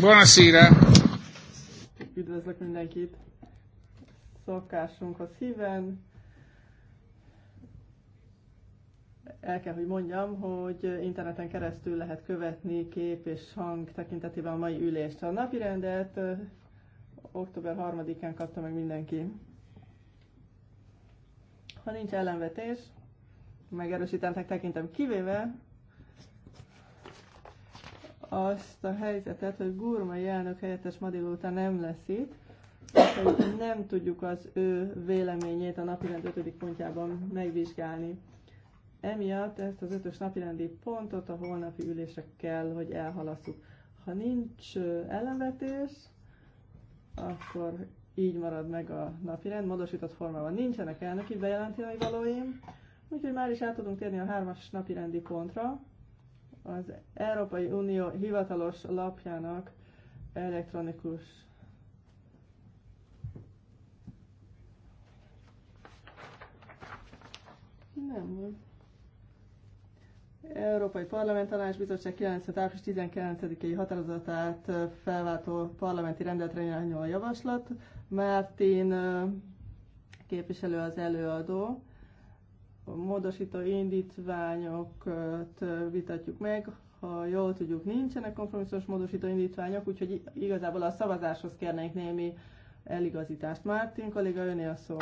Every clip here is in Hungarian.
Buonasera! Üdvözlök mindenkit! Szokásunkhoz híven. El kell, hogy mondjam, hogy interneten keresztül lehet követni kép és hang tekintetében a mai ülést. A napi rendet október 3-án kapta meg mindenki. Ha nincs ellenvetés, megerősítettek tekintem kivéve, azt a helyzetet, hogy Gurmai elnök helyettes ma délután nem lesz itt, tehát nem tudjuk az ő véleményét a napirend 5. pontjában megvizsgálni. Emiatt ezt az ötös napirendi pontot a holnapi ülésre kell, hogy elhalasszuk. Ha nincs ellenvetés, akkor így marad meg a napirend, módosított formában. Nincsenek elnöki bejelentői valóim, úgyhogy már is el tudunk térni a hármas napirendi pontra az Európai Unió hivatalos lapjának elektronikus Nem van. Európai Parlament Bizottság 95. április 19-i határozatát felváltó parlamenti rendeletre irányuló javaslat. Mártin képviselő az előadó módosító indítványokat vitatjuk meg. Ha jól tudjuk, nincsenek kompromisszós módosító indítványok, úgyhogy igazából a szavazáshoz kérnénk némi eligazítást. Mártin kolléga, öné a szó.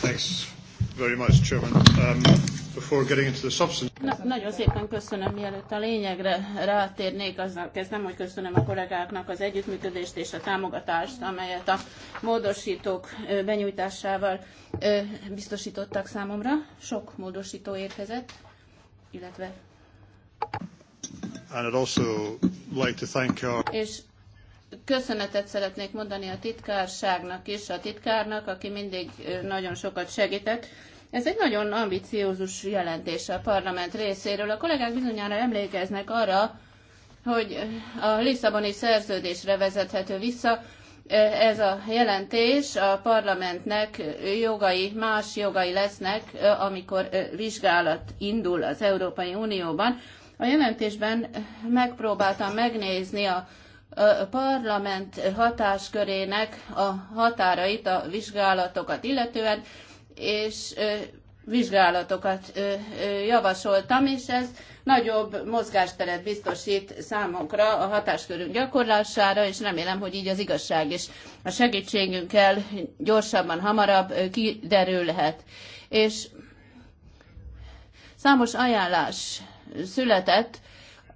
Thanks very much, Chairman. Um, before getting into the substance. Na, nagyon szépen köszönöm, mielőtt a lényegre rátérnék, azzal kezdem, hogy köszönöm a kollégáknak az együttműködést és a támogatást, amelyet a módosítók benyújtásával biztosítottak számomra. Sok módosító érkezett, illetve And I'd also like to thank our... És köszönetet szeretnék mondani a titkárságnak is, a titkárnak, aki mindig nagyon sokat segített, ez egy nagyon ambiciózus jelentés a parlament részéről. A kollégák bizonyára emlékeznek arra, hogy a Lisszaboni szerződésre vezethető vissza, ez a jelentés a parlamentnek jogai, más jogai lesznek, amikor vizsgálat indul az Európai Unióban. A jelentésben megpróbáltam megnézni a parlament hatáskörének a határait, a vizsgálatokat illetően, és vizsgálatokat javasoltam, és ez nagyobb mozgásteret biztosít számunkra a hatáskörünk gyakorlására, és remélem, hogy így az igazság is a segítségünkkel gyorsabban, hamarabb kiderülhet. És számos ajánlás született,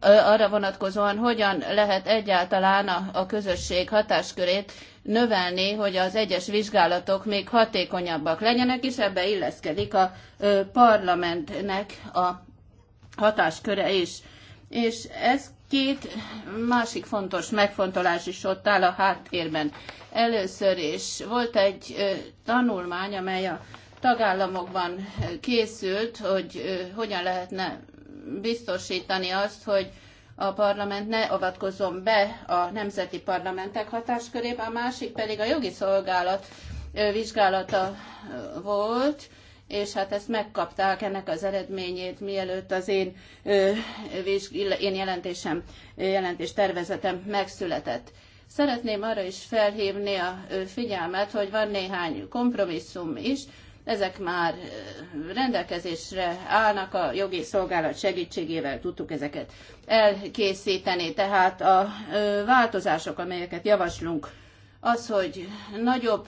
arra vonatkozóan, hogyan lehet egyáltalán a, a közösség hatáskörét növelni, hogy az egyes vizsgálatok még hatékonyabbak legyenek, és ebbe illeszkedik a parlamentnek a hatásköre is. És ez két másik fontos megfontolás is ott áll a háttérben. Először is volt egy tanulmány, amely a tagállamokban készült, hogy hogyan lehetne biztosítani azt, hogy a parlament ne avatkozzon be a nemzeti parlamentek hatáskörébe, a másik pedig a jogi szolgálat vizsgálata volt, és hát ezt megkapták ennek az eredményét, mielőtt az én, én jelentésem, jelentés tervezetem megszületett. Szeretném arra is felhívni a figyelmet, hogy van néhány kompromisszum is, ezek már rendelkezésre állnak, a jogi szolgálat segítségével tudtuk ezeket elkészíteni. Tehát a változások, amelyeket javaslunk, az, hogy nagyobb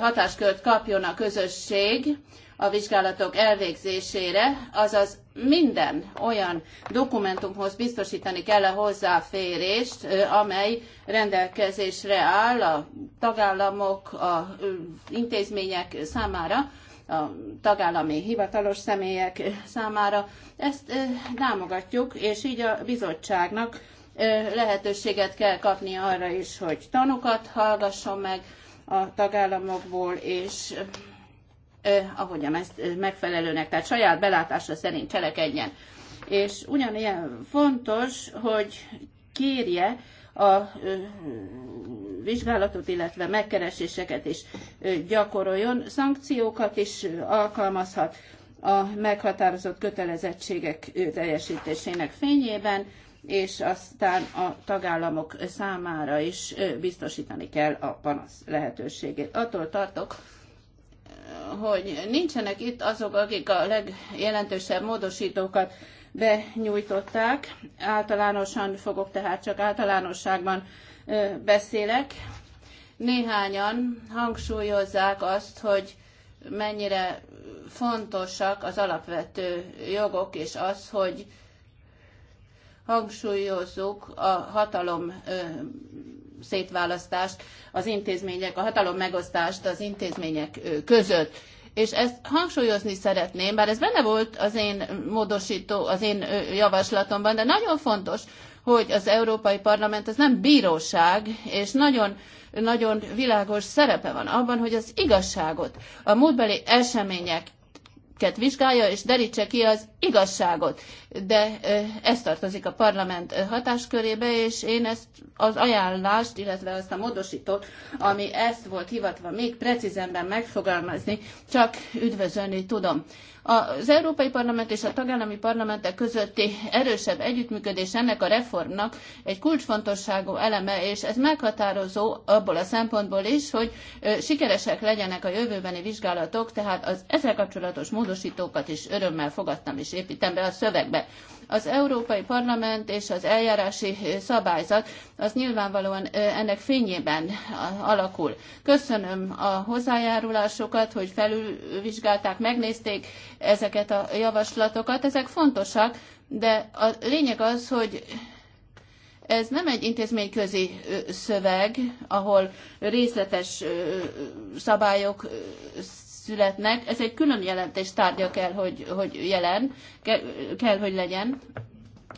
hatáskört kapjon a közösség, a vizsgálatok elvégzésére, azaz minden olyan dokumentumhoz biztosítani kell a hozzáférést, amely rendelkezésre áll a tagállamok, a intézmények számára, a tagállami hivatalos személyek számára. Ezt támogatjuk, és így a bizottságnak lehetőséget kell kapni arra is, hogy tanukat hallgasson meg a tagállamokból, és ahogyan ezt megfelelőnek, tehát saját belátása szerint cselekedjen. És ugyanilyen fontos, hogy kérje a vizsgálatot, illetve megkereséseket is gyakoroljon, szankciókat is alkalmazhat a meghatározott kötelezettségek teljesítésének fényében, és aztán a tagállamok számára is biztosítani kell a panasz lehetőségét. Attól tartok, hogy nincsenek itt azok, akik a legjelentősebb módosítókat benyújtották. Általánosan fogok tehát csak általánosságban beszélek. Néhányan hangsúlyozzák azt, hogy mennyire fontosak az alapvető jogok, és az, hogy hangsúlyozzuk a hatalom szétválasztást, az intézmények, a hatalom megosztást az intézmények között. És ezt hangsúlyozni szeretném, bár ez benne volt az én módosító, az én javaslatomban, de nagyon fontos, hogy az Európai Parlament az nem bíróság, és nagyon, nagyon világos szerepe van abban, hogy az igazságot, a múltbeli események vizsgálja, és derítse ki az igazságot. De ez tartozik a parlament hatáskörébe, és én ezt az ajánlást, illetve azt a módosítót, ami ezt volt hivatva még precízenben megfogalmazni, csak üdvözölni tudom. Az Európai Parlament és a tagállami parlamentek közötti erősebb együttműködés ennek a reformnak egy kulcsfontosságú eleme, és ez meghatározó abból a szempontból is, hogy sikeresek legyenek a jövőbeni vizsgálatok, tehát az ezzel kapcsolatos módosítók módosítókat is örömmel fogadtam és építem be a szövegbe. Az Európai Parlament és az eljárási szabályzat az nyilvánvalóan ennek fényében alakul. Köszönöm a hozzájárulásokat, hogy felülvizsgálták, megnézték ezeket a javaslatokat. Ezek fontosak, de a lényeg az, hogy ez nem egy intézményközi szöveg, ahol részletes szabályok születnek. Ez egy külön jelentés tárgya kell, hogy, hogy jelen, kell, kell, hogy legyen.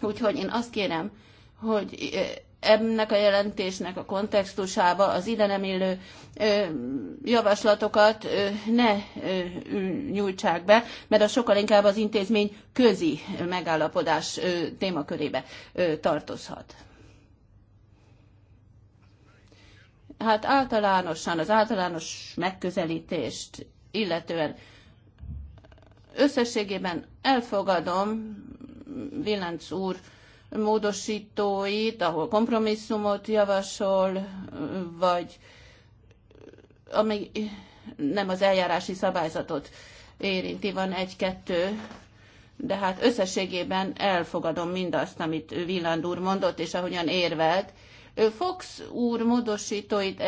Úgyhogy én azt kérem, hogy eh, ennek a jelentésnek a kontextusába az ide nem illő eh, javaslatokat eh, ne nyújtsák be, mert az sokkal inkább az intézmény közi megállapodás témakörébe tartozhat. Hát általánosan az általános megközelítést illetően. Összességében elfogadom Vilánc úr módosítóit, ahol kompromisszumot javasol, vagy ami nem az eljárási szabályzatot érinti, van egy-kettő, de hát összességében elfogadom mindazt, amit Villand úr mondott, és ahogyan érvelt, Fox úr módosítóit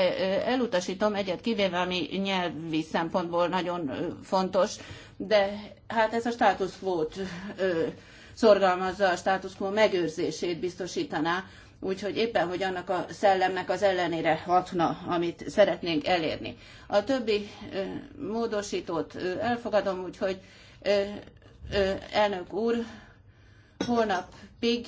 elutasítom, egyet kivéve, ami nyelvi szempontból nagyon fontos, de hát ez a status quo szorgalmazza, a status quo megőrzését biztosítaná, úgyhogy éppen, hogy annak a szellemnek az ellenére hatna, amit szeretnénk elérni. A többi módosítót elfogadom, úgyhogy elnök úr, pig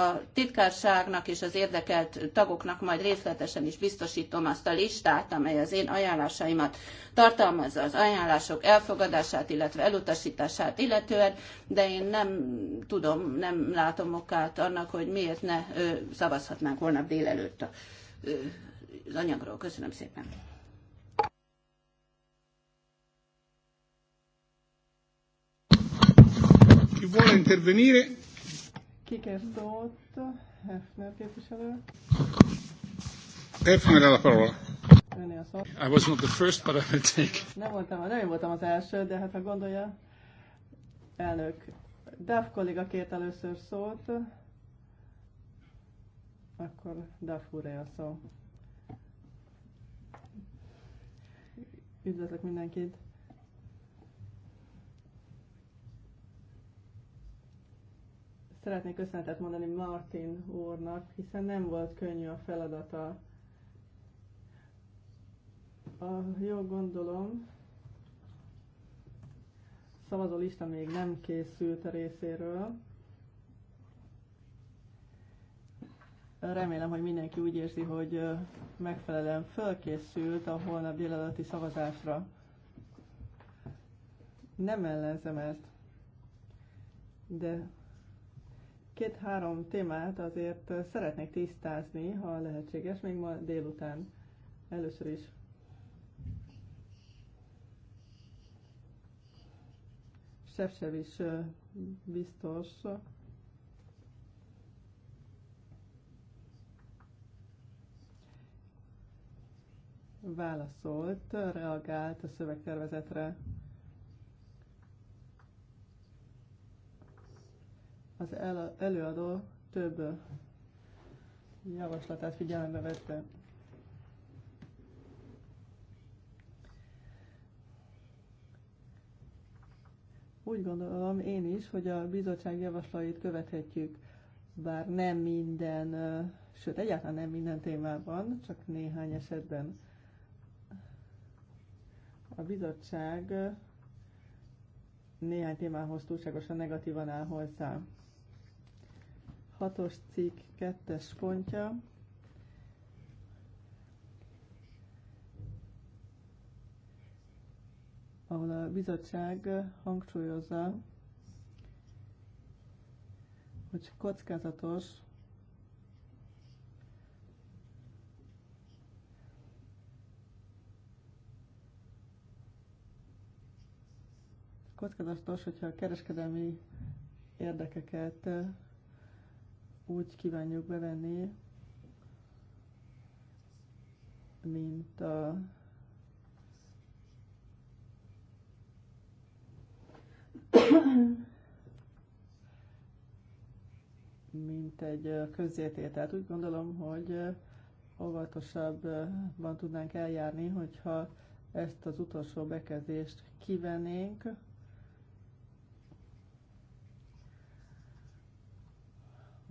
a titkárságnak és az érdekelt tagoknak majd részletesen is biztosítom azt a listát, amely az én ajánlásaimat tartalmazza az ajánlások elfogadását, illetve elutasítását illetően, de én nem tudom, nem látom okát annak, hogy miért ne szavazhatnánk holnap délelőtt a, az anyagról. Köszönöm szépen. Chi vuole intervenire Kikér szót, Hefner képviselő. Hefner a parola. I was not the first, but I will take. Nem voltam, nem voltam az első, de hát ha gondolja, elnök. Duff kolléga kért először szót, akkor Duff úré a szó. Üdvözlök mindenkit! Szeretnék köszönetet mondani Martin úrnak, hiszen nem volt könnyű a feladata. A, jó gondolom, szavazó lista még nem készült a részéről. Remélem, hogy mindenki úgy érzi, hogy megfelelően fölkészült a holnap délelőtti szavazásra. Nem ellenzem ezt, de két-három témát azért szeretnék tisztázni, ha lehetséges, még ma délután. Először is is biztos válaszolt, reagált a szövegtervezetre. Az el, előadó több javaslatát figyelembe vette. Úgy gondolom én is, hogy a bizottság javaslatait követhetjük, bár nem minden, sőt egyáltalán nem minden témában, csak néhány esetben. A bizottság néhány témához túlságosan negatívan áll hozzá hatos cikk kettes pontja. ahol a bizottság hangsúlyozza, hogy kockázatos kockázatos, hogyha a kereskedelmi érdekeket úgy kívánjuk bevenni, mint a mint egy közértételt. Úgy gondolom, hogy óvatosabban tudnánk eljárni, hogyha ezt az utolsó bekezdést kivennénk,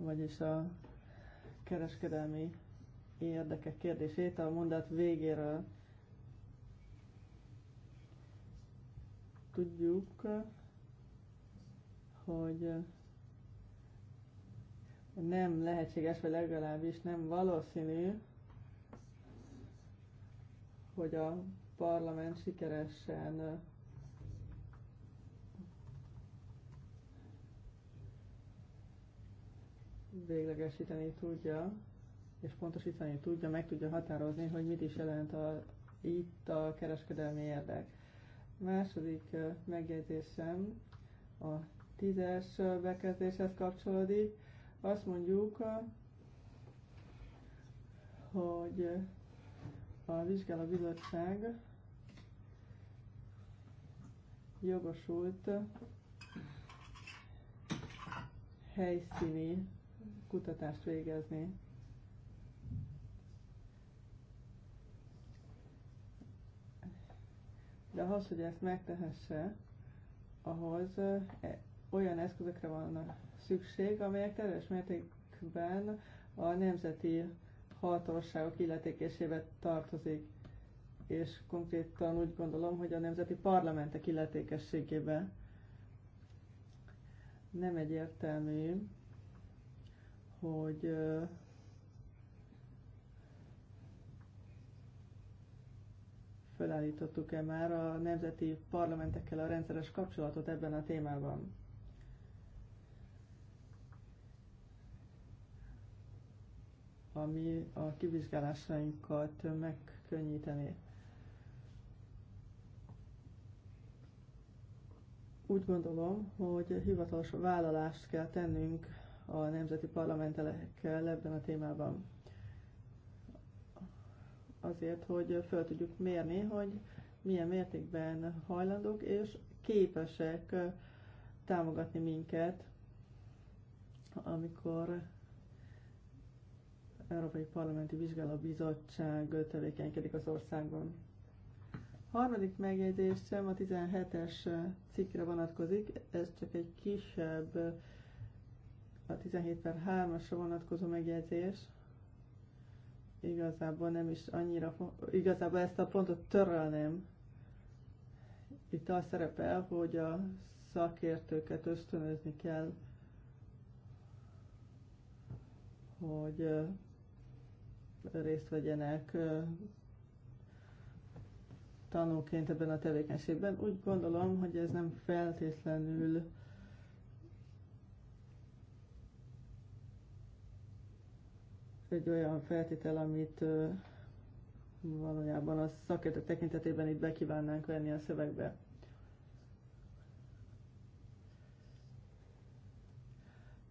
vagyis a kereskedelmi érdekek kérdését a mondat végéről. Tudjuk, hogy nem lehetséges, vagy legalábbis nem valószínű, hogy a parlament sikeresen véglegesíteni tudja, és pontosítani tudja, meg tudja határozni, hogy mit is jelent a, itt a kereskedelmi érdek. Második megjegyzésem a tízes bekezdéshez kapcsolódik. Azt mondjuk, hogy a vizsgálóbizottság jogosult helyszíni kutatást végezni. De ahhoz, hogy ezt megtehesse, ahhoz e, olyan eszközökre van szükség, amelyek teljes mértékben a nemzeti hatóságok illetékésébe tartozik, és konkrétan úgy gondolom, hogy a nemzeti parlamentek illetékességébe. Nem egyértelmű, hogy felállítottuk-e már a nemzeti parlamentekkel a rendszeres kapcsolatot ebben a témában. ami a kivizsgálásainkat megkönnyíteni. Úgy gondolom, hogy hivatalos vállalást kell tennünk a nemzeti parlamentelekkel ebben a témában. Azért, hogy fel tudjuk mérni, hogy milyen mértékben hajlandók és képesek támogatni minket, amikor Európai Parlamenti Vizsgálóbizottság tevékenykedik az országban. Harmadik megjegyzésem a 17-es cikkre vonatkozik, ez csak egy kisebb a 17 per 3-asra vonatkozó megjegyzés igazából nem is annyira, igazából ezt a pontot törölném. Itt az szerepel, hogy a szakértőket ösztönözni kell, hogy részt vegyenek tanulként ebben a tevékenységben. Úgy gondolom, hogy ez nem feltétlenül egy olyan feltétel, amit valójában a szakértők tekintetében itt bekívánnánk venni a szövegbe.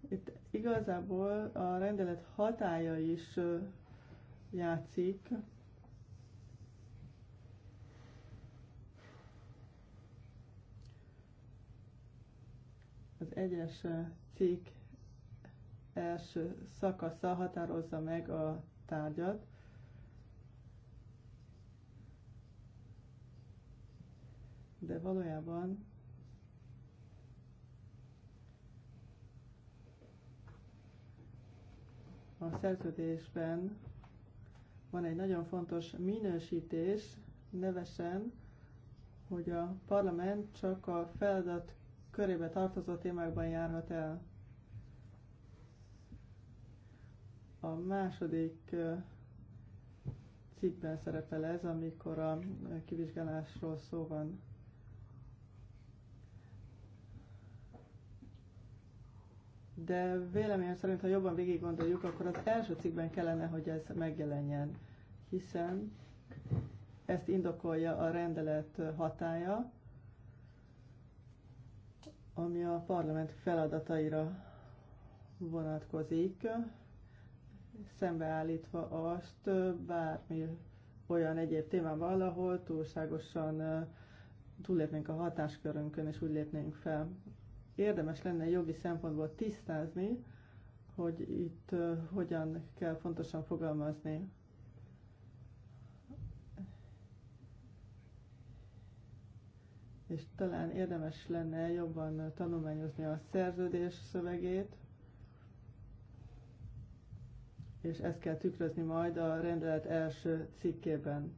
Itt igazából a rendelet hatája is játszik. Az egyes cikk első szakasza határozza meg a tárgyat. De valójában a szerződésben van egy nagyon fontos minősítés, nevesen, hogy a parlament csak a feladat körébe tartozó témákban járhat el. A második cikkben szerepel ez, amikor a kivizsgálásról szó van. De véleményem szerint, ha jobban végig gondoljuk, akkor az első cikkben kellene, hogy ez megjelenjen, hiszen ezt indokolja a rendelet hatája, ami a parlament feladataira vonatkozik, szembeállítva azt bármi olyan egyéb témával, ahol túlságosan túllépnénk a hatáskörünkön, és úgy lépnénk fel. Érdemes lenne jogi szempontból tisztázni, hogy itt hogyan kell fontosan fogalmazni. És talán érdemes lenne jobban tanulmányozni a szerződés szövegét, és ezt kell tükrözni majd a rendelet első cikkében.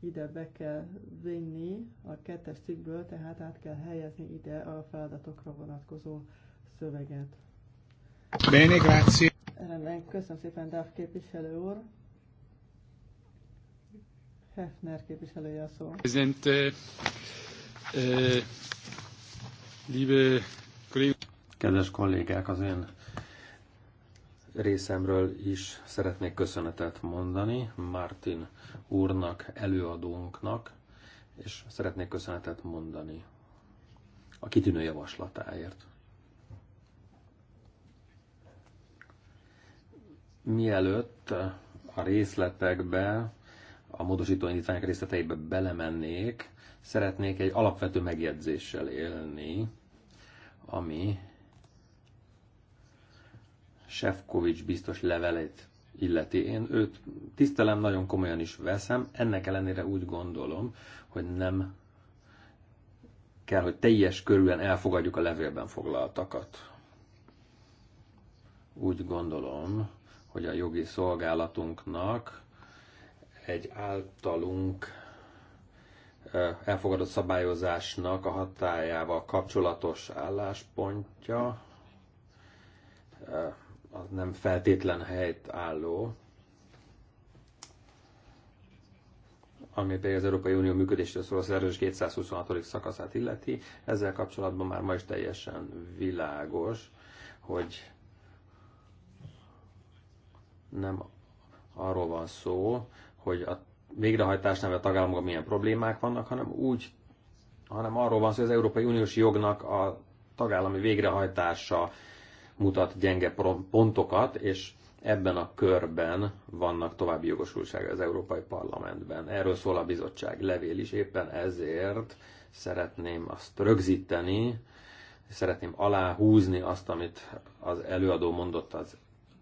Ide be kell vinni a kettes cikkből, tehát át kell helyezni ide a feladatokra vonatkozó szöveget. Bene, grazie. Rendben, köszönöm szépen, Dáv képviselő úr. Hefner képviselője a szó. Presente, eh, liebe Kedves kollégák, az én részemről is szeretnék köszönetet mondani Martin úrnak, előadónknak, és szeretnék köszönetet mondani a kitűnő javaslatáért. Mielőtt a részletekbe, a módosító indítványok részleteibe belemennék, szeretnék egy alapvető megjegyzéssel élni, ami Sefcovics biztos levelét illeti. Én őt tisztelem, nagyon komolyan is veszem, ennek ellenére úgy gondolom, hogy nem kell, hogy teljes körülön elfogadjuk a levélben foglaltakat. Úgy gondolom, hogy a jogi szolgálatunknak egy általunk elfogadott szabályozásnak a hatájával kapcsolatos álláspontja az nem feltétlen helyt álló, ami pedig az Európai Unió működésről szól, az erős 226. szakaszát illeti. Ezzel kapcsolatban már ma is teljesen világos, hogy nem arról van szó, hogy a végrehajtásnál a tagállamokban milyen problémák vannak, hanem úgy, hanem arról van szó, hogy az Európai Uniós jognak a tagállami végrehajtása mutat gyenge pontokat, és ebben a körben vannak további jogosultság az Európai Parlamentben. Erről szól a bizottság levél is, éppen ezért szeretném azt rögzíteni, szeretném aláhúzni azt, amit az előadó mondott az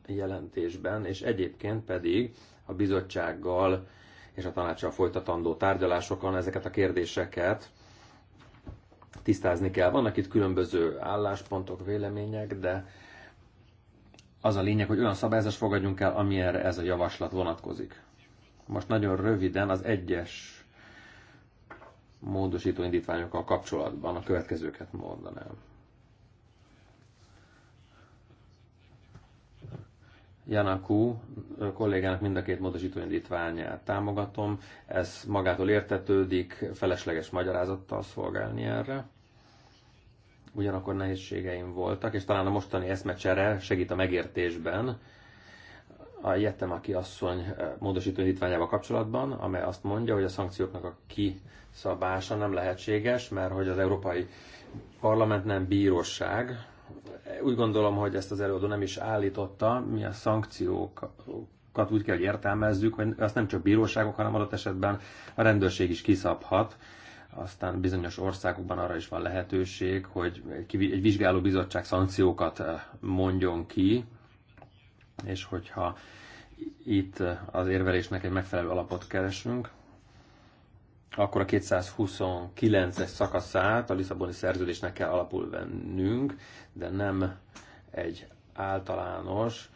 jelentésben, és egyébként pedig a bizottsággal és a tanácssal folytatandó tárgyalásokon ezeket a kérdéseket tisztázni kell. Vannak itt különböző álláspontok, vélemények, de az a lényeg, hogy olyan szabályzást fogadjunk el, amilyenre ez a javaslat vonatkozik. Most nagyon röviden az egyes módosító indítványokkal kapcsolatban a következőket mondanám. Janakú kollégának mind a két módosító indítványát támogatom. Ez magától értetődik, felesleges magyarázattal szolgálni erre. Ugyanakkor nehézségeim voltak, és talán a mostani eszmecsere segít a megértésben a aki asszony eh, módosító hitványával kapcsolatban, amely azt mondja, hogy a szankcióknak a kiszabása nem lehetséges, mert hogy az Európai Parlament nem bíróság. Úgy gondolom, hogy ezt az előadó nem is állította, mi a szankciók úgy kell, hogy értelmezzük, hogy azt nem csak bíróságok, hanem adott esetben a rendőrség is kiszabhat. Aztán bizonyos országokban arra is van lehetőség, hogy egy vizsgáló bizottság szankciókat mondjon ki, és hogyha itt az érvelésnek egy megfelelő alapot keresünk, akkor a 229-es szakaszát a Lisszaboni szerződésnek kell alapul vennünk, de nem egy általános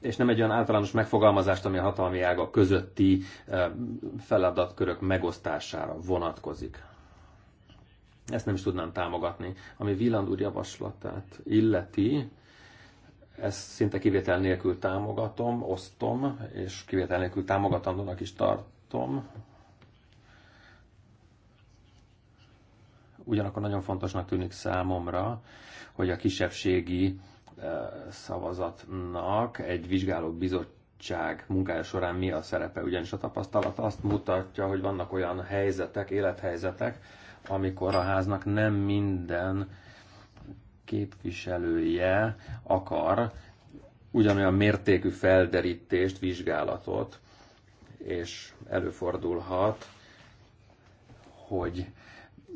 és nem egy olyan általános megfogalmazást, ami a hatalmi ágak közötti feladatkörök megosztására vonatkozik. Ezt nem is tudnám támogatni. Ami Villand úr javaslatát illeti, ezt szinte kivétel nélkül támogatom, osztom, és kivétel nélkül támogatandónak is tartom. Ugyanakkor nagyon fontosnak tűnik számomra, hogy a kisebbségi szavazatnak egy vizsgáló bizottság munkája során mi a szerepe, ugyanis a tapasztalat azt mutatja, hogy vannak olyan helyzetek, élethelyzetek, amikor a háznak nem minden képviselője akar ugyanolyan mértékű felderítést, vizsgálatot, és előfordulhat, hogy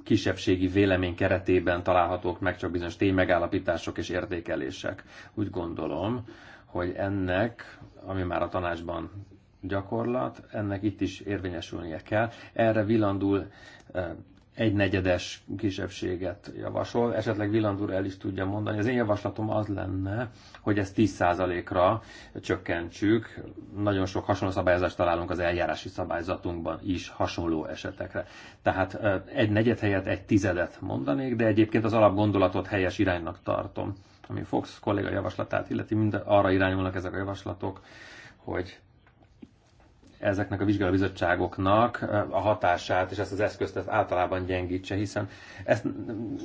kisebbségi vélemény keretében találhatók meg csak bizonyos ténymegállapítások és értékelések. Úgy gondolom, hogy ennek, ami már a tanácsban gyakorlat, ennek itt is érvényesülnie kell. Erre villandul eh, egy negyedes kisebbséget javasol. Esetleg Villand el is tudja mondani. Az én javaslatom az lenne, hogy ezt 10%-ra csökkentsük. Nagyon sok hasonló szabályozást találunk az eljárási szabályzatunkban is hasonló esetekre. Tehát egy negyed helyett egy tizedet mondanék, de egyébként az alapgondolatot helyes iránynak tartom. Ami Fox kolléga javaslatát illeti, mind arra irányulnak ezek a javaslatok, hogy ezeknek a vizsgálóbizottságoknak eh, a hatását és ezt az eszközt ezt általában gyengítse, hiszen ezt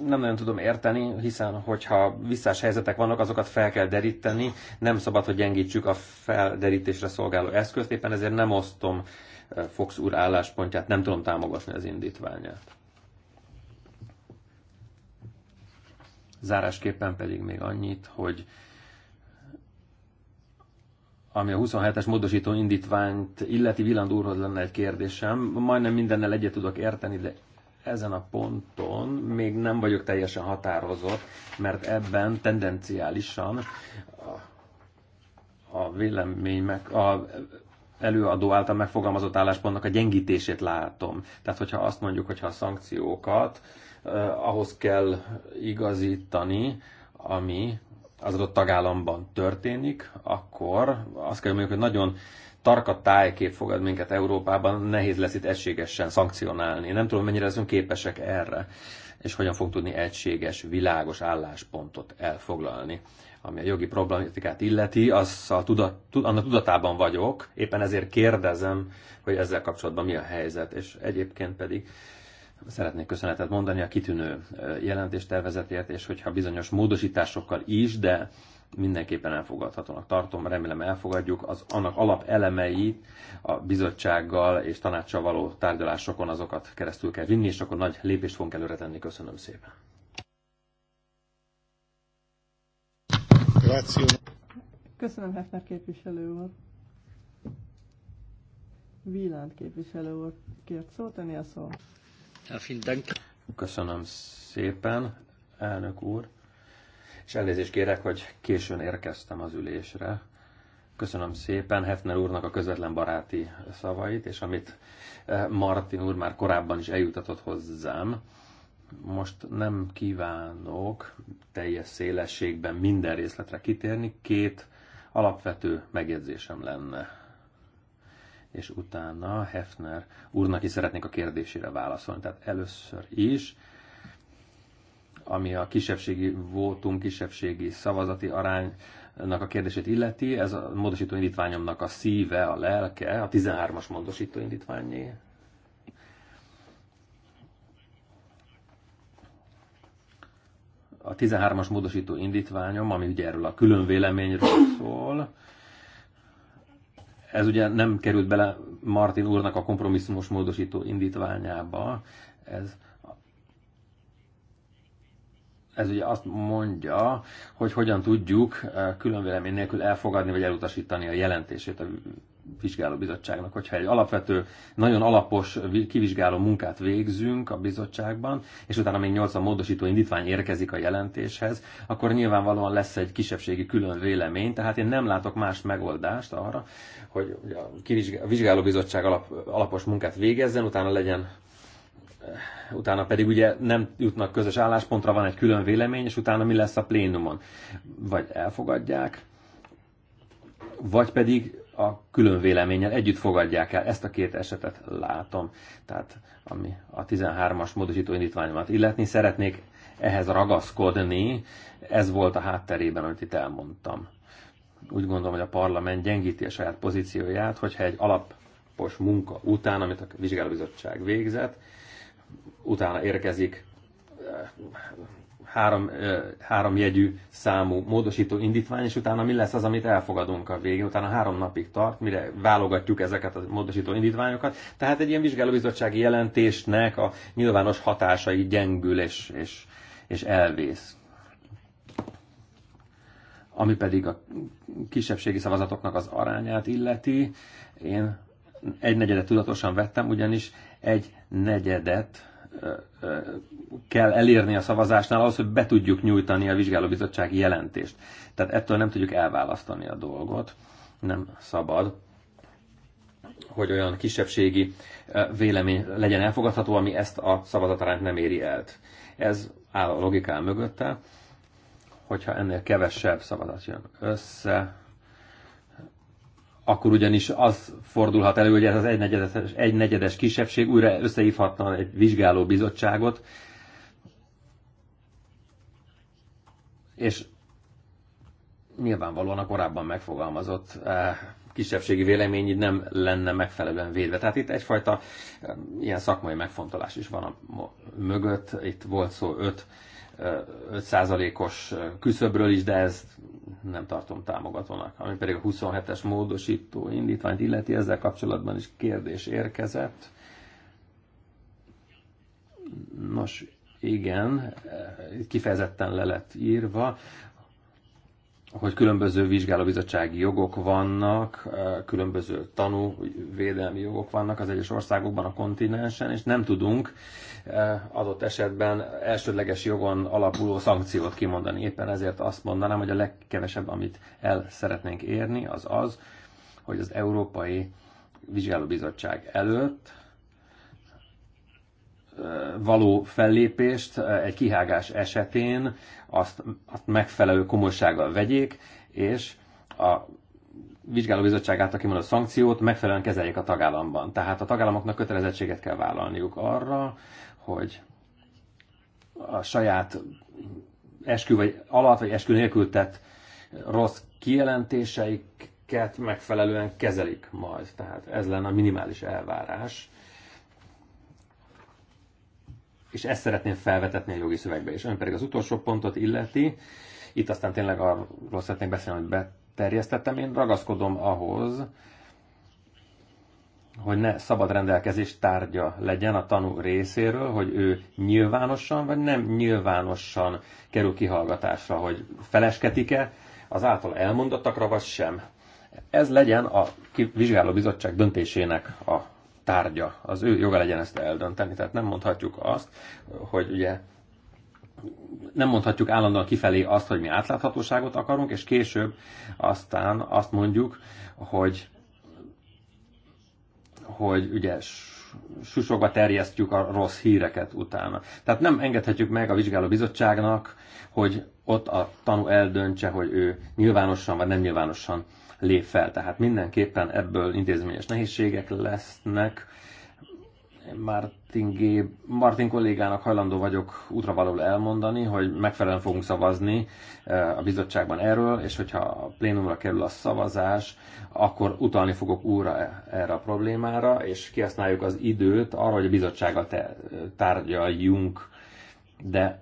nem nagyon tudom érteni, hiszen hogyha visszás helyzetek vannak, azokat fel kell deríteni, nem szabad, hogy gyengítsük a felderítésre szolgáló eszközt, éppen ezért nem osztom eh, Fox úr álláspontját, nem tudom támogatni az indítványát. Zárásképpen pedig még annyit, hogy ami a 27-es módosító indítványt illeti Viland úrhoz lenne egy kérdésem. Majdnem mindennel egyet tudok érteni, de ezen a ponton még nem vagyok teljesen határozott, mert ebben tendenciálisan a, a vélemény meg, a előadó által megfogalmazott álláspontnak a gyengítését látom. Tehát, hogyha azt mondjuk, hogyha a szankciókat eh, ahhoz kell igazítani, ami az adott tagállamban történik, akkor azt kell mondjuk, hogy nagyon tarka tájkép fogad minket Európában, nehéz lesz itt egységesen szankcionálni. Nem tudom, mennyire leszünk képesek erre, és hogyan fog tudni egységes, világos álláspontot elfoglalni. Ami a jogi problematikát illeti, az a tudat, annak tudatában vagyok, éppen ezért kérdezem, hogy ezzel kapcsolatban mi a helyzet, és egyébként pedig szeretnék köszönetet mondani a kitűnő jelentéstervezetért, és hogyha bizonyos módosításokkal is, de mindenképpen elfogadhatónak tartom, remélem elfogadjuk, az annak alap elemei a bizottsággal és tanácssal való tárgyalásokon azokat keresztül kell vinni, és akkor nagy lépést fogunk előre tenni. Köszönöm szépen. Köszönöm, Hefner képviselő úr. Víland képviselő úr kért szót, a szó. Köszönöm szépen, elnök úr. És elnézést kérek, hogy későn érkeztem az ülésre. Köszönöm szépen Hefner úrnak a közvetlen baráti szavait, és amit eh, Martin úr már korábban is eljutatott hozzám. Most nem kívánok teljes szélességben minden részletre kitérni, két alapvető megjegyzésem lenne és utána Hefner úrnak is szeretnék a kérdésére válaszolni. Tehát először is, ami a kisebbségi voltunk kisebbségi szavazati aránynak a kérdését illeti, ez a módosító indítványomnak a szíve, a lelke, a 13-as módosító indítványé. A 13-as módosító indítványom, ami ugye erről a külön véleményről szól, ez ugye nem került bele Martin úrnak a kompromisszumos módosító indítványába. Ez ez ugye azt mondja, hogy hogyan tudjuk eh, különvélemény nélkül elfogadni vagy elutasítani a jelentését a bizottságnak, hogyha egy alapvető, nagyon alapos kivizsgáló munkát végzünk a bizottságban, és utána még 80 módosító indítvány érkezik a jelentéshez, akkor nyilvánvalóan lesz egy kisebbségi külön vélemény, tehát én nem látok más megoldást arra, hogy a bizottság alap, alapos munkát végezzen, utána legyen eh, utána pedig ugye nem jutnak közös álláspontra, van egy külön vélemény, és utána mi lesz a plénumon? Vagy elfogadják, vagy pedig a külön véleménnyel együtt fogadják el. Ezt a két esetet látom. Tehát ami a 13-as módosító indítványomat illetni, szeretnék ehhez ragaszkodni. Ez volt a hátterében, amit itt elmondtam. Úgy gondolom, hogy a parlament gyengíti a saját pozícióját, hogyha egy alapos munka után, amit a vizsgálóbizottság végzett, utána érkezik három, három jegyű számú módosító indítvány, és utána mi lesz az, amit elfogadunk a végén, utána három napig tart, mire válogatjuk ezeket a módosító indítványokat. Tehát egy ilyen vizsgálóbizottsági jelentésnek a nyilvános hatásai gyengül és, és, és elvész. Ami pedig a kisebbségi szavazatoknak az arányát illeti, én egy negyedet tudatosan vettem, ugyanis egy negyedet kell elérni a szavazásnál az, hogy be tudjuk nyújtani a vizsgálóbizottsági jelentést. Tehát ettől nem tudjuk elválasztani a dolgot. Nem szabad, hogy olyan kisebbségi vélemény legyen elfogadható, ami ezt a szavazatarányt nem éri el. Ez áll a logikán mögötte, hogyha ennél kevesebb szavazat jön össze, akkor ugyanis az fordulhat elő, hogy ez az egynegyedes, egynegyedes kisebbség újra összehívhatna egy vizsgáló bizottságot, és nyilvánvalóan a korábban megfogalmazott eh, kisebbségi vélemény így nem lenne megfelelően védve. Tehát itt egyfajta eh, ilyen szakmai megfontolás is van a mögött. Itt volt szó öt 5%-os küszöbről is, de ezt nem tartom támogatónak. Ami pedig a 27-es módosító indítványt illeti, ezzel kapcsolatban is kérdés érkezett. Nos, igen, kifejezetten le lett írva, hogy különböző vizsgálóbizottsági jogok vannak, különböző tanúvédelmi jogok vannak az egyes országokban, a kontinensen, és nem tudunk adott esetben elsődleges jogon alapuló szankciót kimondani. Éppen ezért azt mondanám, hogy a legkevesebb, amit el szeretnénk érni, az az, hogy az Európai Vizsgálóbizottság előtt való fellépést eh, egy kihágás esetén azt, azt megfelelő komolysággal vegyék, és a vizsgálóbizottság által kimondott szankciót megfelelően kezeljék a tagállamban. Tehát a tagállamoknak kötelezettséget kell vállalniuk arra, hogy a saját eskü vagy alatt, vagy eskü nélkül tett rossz kijelentéseiket megfelelően kezelik majd. Tehát ez lenne a minimális elvárás és ezt szeretném felvetetni a jogi szövegbe is. Ön pedig az utolsó pontot illeti, itt aztán tényleg arról szeretnék beszélni, hogy beterjesztettem. Én ragaszkodom ahhoz, hogy ne szabad rendelkezés tárgya legyen a tanú részéről, hogy ő nyilvánosan vagy nem nyilvánosan kerül kihallgatásra, hogy feleskedik-e az által elmondottakra, vagy sem. Ez legyen a vizsgálóbizottság döntésének a tárgya, az ő joga legyen ezt eldönteni. Tehát nem mondhatjuk azt, hogy ugye nem mondhatjuk állandóan kifelé azt, hogy mi átláthatóságot akarunk, és később aztán azt mondjuk, hogy hogy ugye susogva terjesztjük a rossz híreket utána. Tehát nem engedhetjük meg a vizsgáló bizottságnak, hogy ott a tanú eldöntse, hogy ő nyilvánosan vagy nem nyilvánosan lép fel. Tehát mindenképpen ebből intézményes nehézségek lesznek. Martin, G. Martin kollégának hajlandó vagyok útra való elmondani, hogy megfelelően fogunk szavazni eh, a bizottságban erről, és hogyha a plénumra kerül a szavazás, akkor utalni fogok újra erre a problémára, és kihasználjuk az időt arra, hogy a bizottsággal tárgyaljunk. De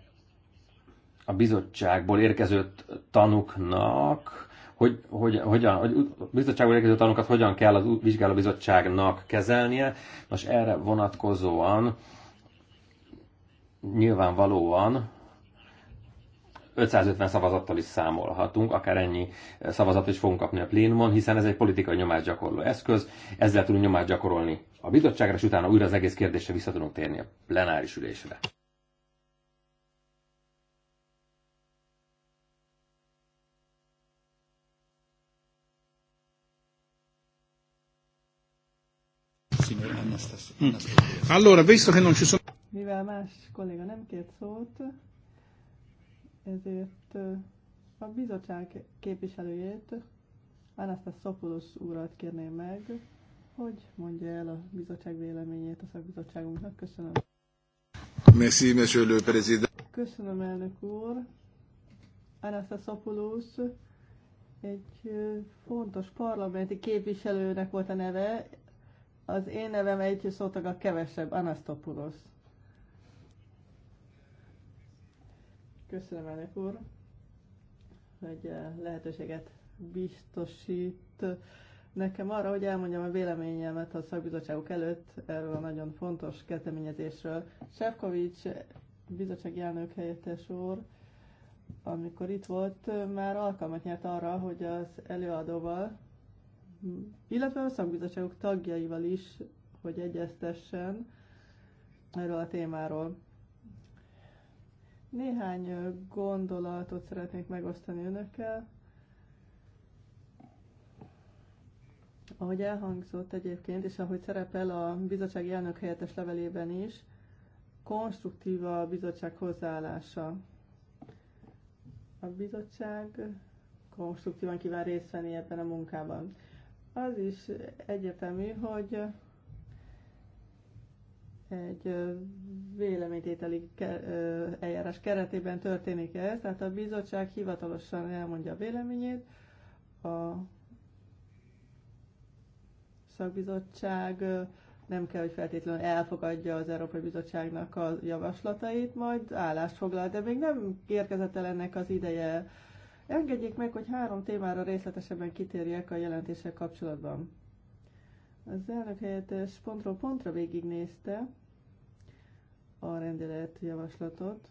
a bizottságból érkező tanuknak hogy, hogy, hogyan, hogy bizottságból érkező tanulókat hogyan kell az vizsgálóbizottságnak kezelnie. Most erre vonatkozóan nyilvánvalóan 550 szavazattal is számolhatunk, akár ennyi szavazat is fogunk kapni a plénumon, hiszen ez egy politikai gyakorló eszköz, ezzel tudunk nyomást gyakorolni a bizottságra, és utána újra az egész kérdésre vissza tudunk térni a plenáris ülésre. Hm. Allora, visto che non ci sono... Mivel más kolléga nem kért szót, ezért a bizottság képviselőjét, Anastasopoulos úrat kérném meg, hogy mondja el a bizottság véleményét a szakbizottságunknak. Köszönöm. Merci, monsieur le président. Köszönöm, elnök úr. Anastasopoulos egy fontos parlamenti képviselőnek volt a neve, az én nevem egy a kevesebb, Anastopulos. Köszönöm, elnök úr, hogy eh, lehetőséget biztosít nekem arra, hogy elmondjam a véleményemet a szakbizottságok előtt erről a nagyon fontos kezdeményezésről. Sefkovics bizottsági elnök helyettes úr, amikor itt volt, már alkalmat nyert arra, hogy az előadóval, illetve a szakbizottságok tagjaival is, hogy egyeztessen erről a témáról. Néhány gondolatot szeretnék megosztani önökkel. Ahogy elhangzott egyébként, és ahogy szerepel a bizottság elnök helyettes levelében is, konstruktív a bizottság hozzáállása. A bizottság konstruktívan kíván részt venni ebben a munkában. Az is egyetemű, hogy egy véleménytételi eljárás keretében történik ez, tehát a bizottság hivatalosan elmondja a véleményét, a szakbizottság nem kell, hogy feltétlenül elfogadja az Európai Bizottságnak a javaslatait, majd állást foglal, de még nem érkezett el ennek az ideje, Engedjék meg, hogy három témára részletesebben kitérjek a jelentéssel kapcsolatban. Az elnök helyettes pontról pontra végignézte a rendelet javaslatot,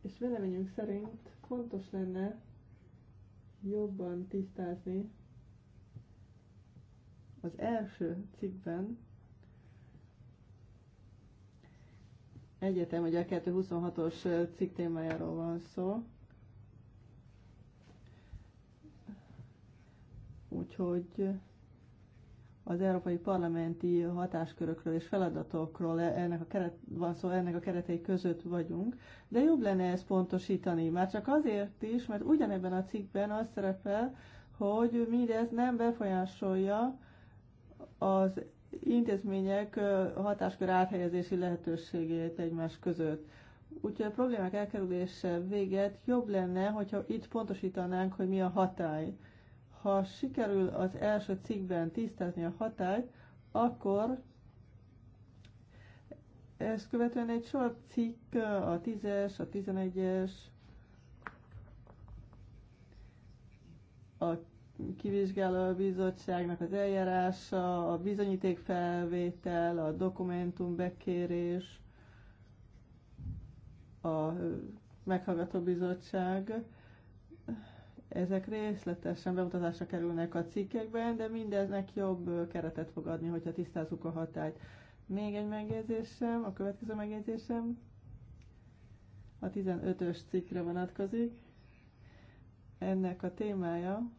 és véleményünk szerint fontos lenne jobban tisztázni az első cikkben egyetem, hogy a 226-os cikk témájáról van szó, Úgyhogy az európai parlamenti hatáskörökről és feladatokról e- ennek a keret, van szó, ennek a keretei között vagyunk, de jobb lenne ezt pontosítani, már csak azért is, mert ugyanebben a cikkben az szerepel, hogy mindez nem befolyásolja az intézmények hatáskör áthelyezési lehetőségét egymás között. Úgyhogy a problémák elkerülése véget jobb lenne, hogyha itt pontosítanánk, hogy mi a hatály ha sikerül az első cikkben tisztázni a hatályt, akkor ezt követően egy sor cikk, a 10-es, a 11-es, a kivizsgáló bizottságnak az eljárása, a bizonyítékfelvétel, a dokumentum bekérés, a meghallgató bizottság ezek részletesen bemutatásra kerülnek a cikkekben, de mindeznek jobb keretet fog adni, hogyha tisztázzuk a hatályt. Még egy megjegyzésem, a következő megjegyzésem a 15-ös cikkre vonatkozik. Ennek a témája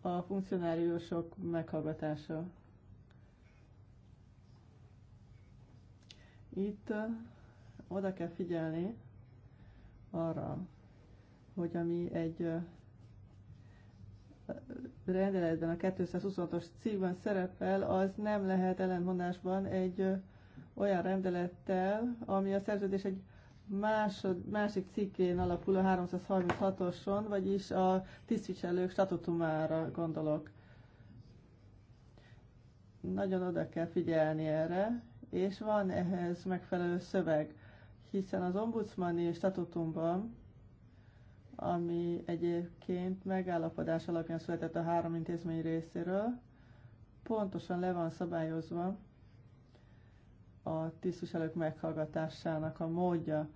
a funkcionáriusok meghallgatása. Itt oda kell figyelni arra, hogy ami egy rendeletben, a 226-os cikkben szerepel, az nem lehet ellentmondásban egy olyan rendelettel, ami a szerződés egy másod, másik cikkén alapul a 336-oson, vagyis a tisztviselők statutumára gondolok. Nagyon oda kell figyelni erre, és van ehhez megfelelő szöveg, hiszen az ombudsmani statutumban, ami egyébként megállapodás alapján született a három intézmény részéről, pontosan le van szabályozva a tisztviselők meghallgatásának a módja.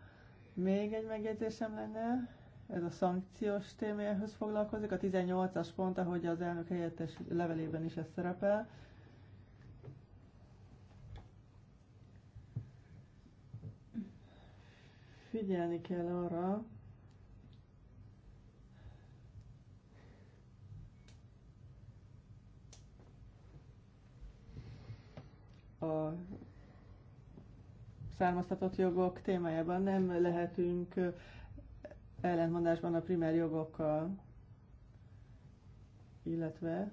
Még egy megjegyzésem lenne, ez a szankciós témához foglalkozik, a 18-as pont, ahogy az elnök helyettes levelében is ez szerepel, figyelni kell arra, a származtatott jogok témájában nem lehetünk ellentmondásban a primer jogokkal, illetve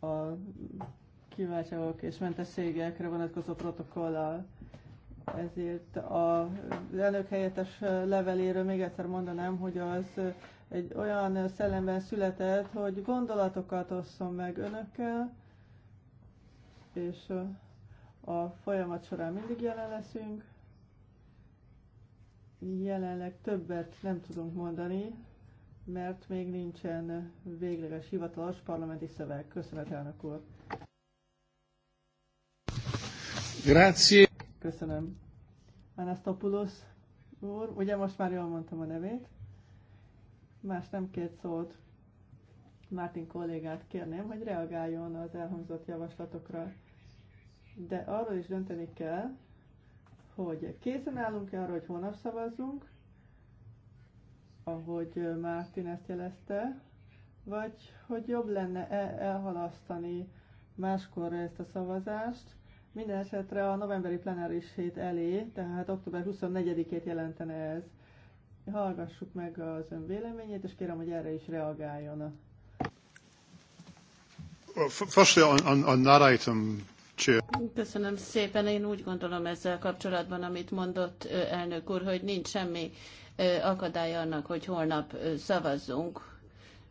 a kiváltságok és mentességekre vonatkozó protokollal. Ezért a elnök helyettes leveléről még egyszer mondanám, hogy az egy olyan szellemben született, hogy gondolatokat osszom meg önökkel, és a folyamat során mindig jelen leszünk. Jelenleg többet nem tudunk mondani, mert még nincsen végleges hivatalos parlamenti szöveg. Köszönet, elnök úr! Grazie. Köszönöm. Anastopoulos úr, ugye most már jól mondtam a nevét. Más nem két szót. Mártin kollégát kérném, hogy reagáljon az elhangzott javaslatokra. De arról is dönteni kell, hogy készen állunk-e arra, hogy holnap szavazzunk, ahogy Mártin ezt jelezte, vagy hogy jobb lenne -e elhalasztani máskor ezt a szavazást, minden esetre a novemberi plenáris hét elé, tehát október 24-ét jelentene ez. Hallgassuk meg az ön véleményét, és kérem, hogy erre is reagáljon. Firstly, on, on that item, Köszönöm szépen. Én úgy gondolom ezzel kapcsolatban, amit mondott elnök úr, hogy nincs semmi akadály annak, hogy holnap szavazzunk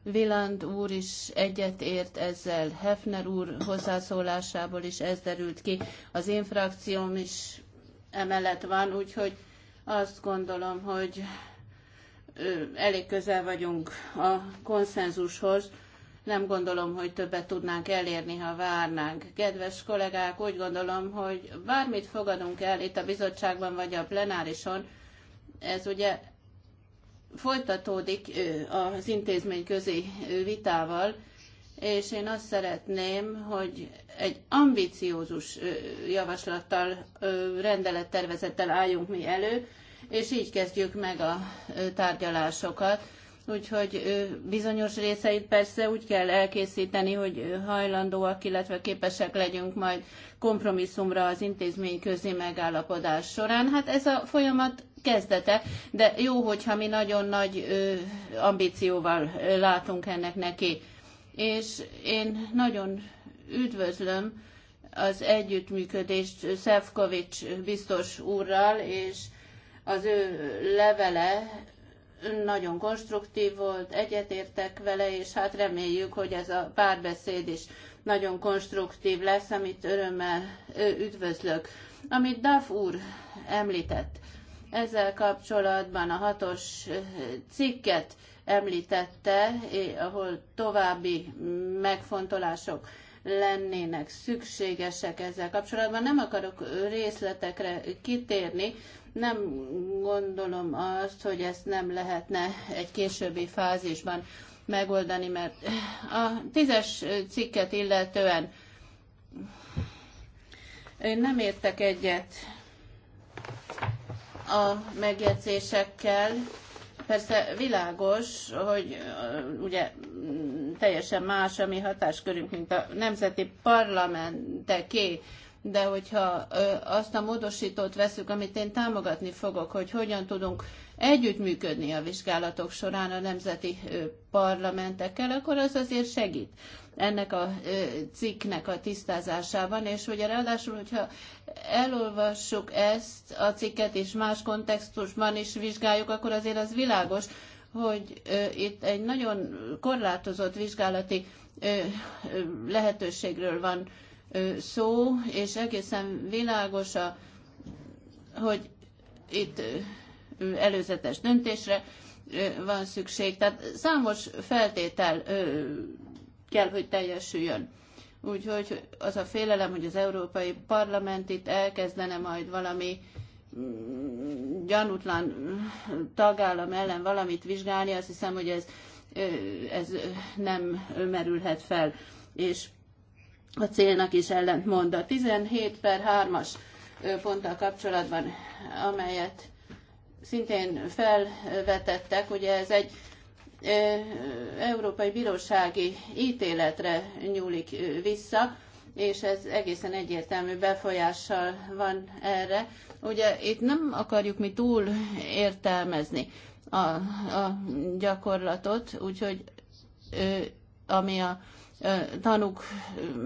Viland úr is egyetért ezzel, Hefner úr hozzászólásából is ez derült ki. Az én frakcióm is emellett van, úgyhogy azt gondolom, hogy elég közel vagyunk a konszenzushoz. Nem gondolom, hogy többet tudnánk elérni, ha várnánk. Kedves kollégák, úgy gondolom, hogy bármit fogadunk el itt a bizottságban vagy a plenárison, ez ugye folytatódik az intézmény közé vitával, és én azt szeretném, hogy egy ambiciózus javaslattal, rendelettervezettel álljunk mi elő, és így kezdjük meg a tárgyalásokat. Úgyhogy bizonyos részeit persze úgy kell elkészíteni, hogy hajlandóak, illetve képesek legyünk majd kompromisszumra az intézmény közé megállapodás során. Hát ez a folyamat kezdete, de jó, hogyha mi nagyon nagy ambícióval látunk ennek neki. És én nagyon üdvözlöm az együttműködést Szefkovics biztos úrral, és az ő levele nagyon konstruktív volt, egyetértek vele, és hát reméljük, hogy ez a párbeszéd is nagyon konstruktív lesz, amit örömmel üdvözlök. Amit Daf úr említett, ezzel kapcsolatban a hatos eh, cikket említette, eh, ahol további megfontolások lennének szükségesek ezzel kapcsolatban. Nem akarok részletekre kitérni, nem gondolom azt, hogy ezt nem lehetne egy későbbi fázisban megoldani, mert a tízes cikket illetően én nem értek egyet a megjegyzésekkel. Persze világos, hogy ugye teljesen más a mi hatáskörünk, mint a nemzeti parlamenteké, de hogyha azt a módosítót veszük, amit én támogatni fogok, hogy hogyan tudunk együttműködni a vizsgálatok során a nemzeti parlamentekkel, akkor az azért segít ennek a cikknek a tisztázásában, és ugye ráadásul, hogyha elolvassuk ezt a cikket, és más kontextusban is vizsgáljuk, akkor azért az világos, hogy itt egy nagyon korlátozott vizsgálati lehetőségről van szó, és egészen világos, a, hogy itt előzetes döntésre van szükség. Tehát számos feltétel kell, hogy teljesüljön. Úgyhogy az a félelem, hogy az Európai Parlament itt elkezdene majd valami mm, gyanútlan tagállam ellen valamit vizsgálni, azt hiszem, hogy ez, ez nem merülhet fel, és a célnak is ellentmond. A 17 per 3-as ponttal kapcsolatban, amelyet szintén felvetettek, ugye ez egy európai bírósági ítéletre nyúlik vissza, és ez egészen egyértelmű befolyással van erre. Ugye itt nem akarjuk mi túl értelmezni a, a gyakorlatot, úgyhogy ami a tanúk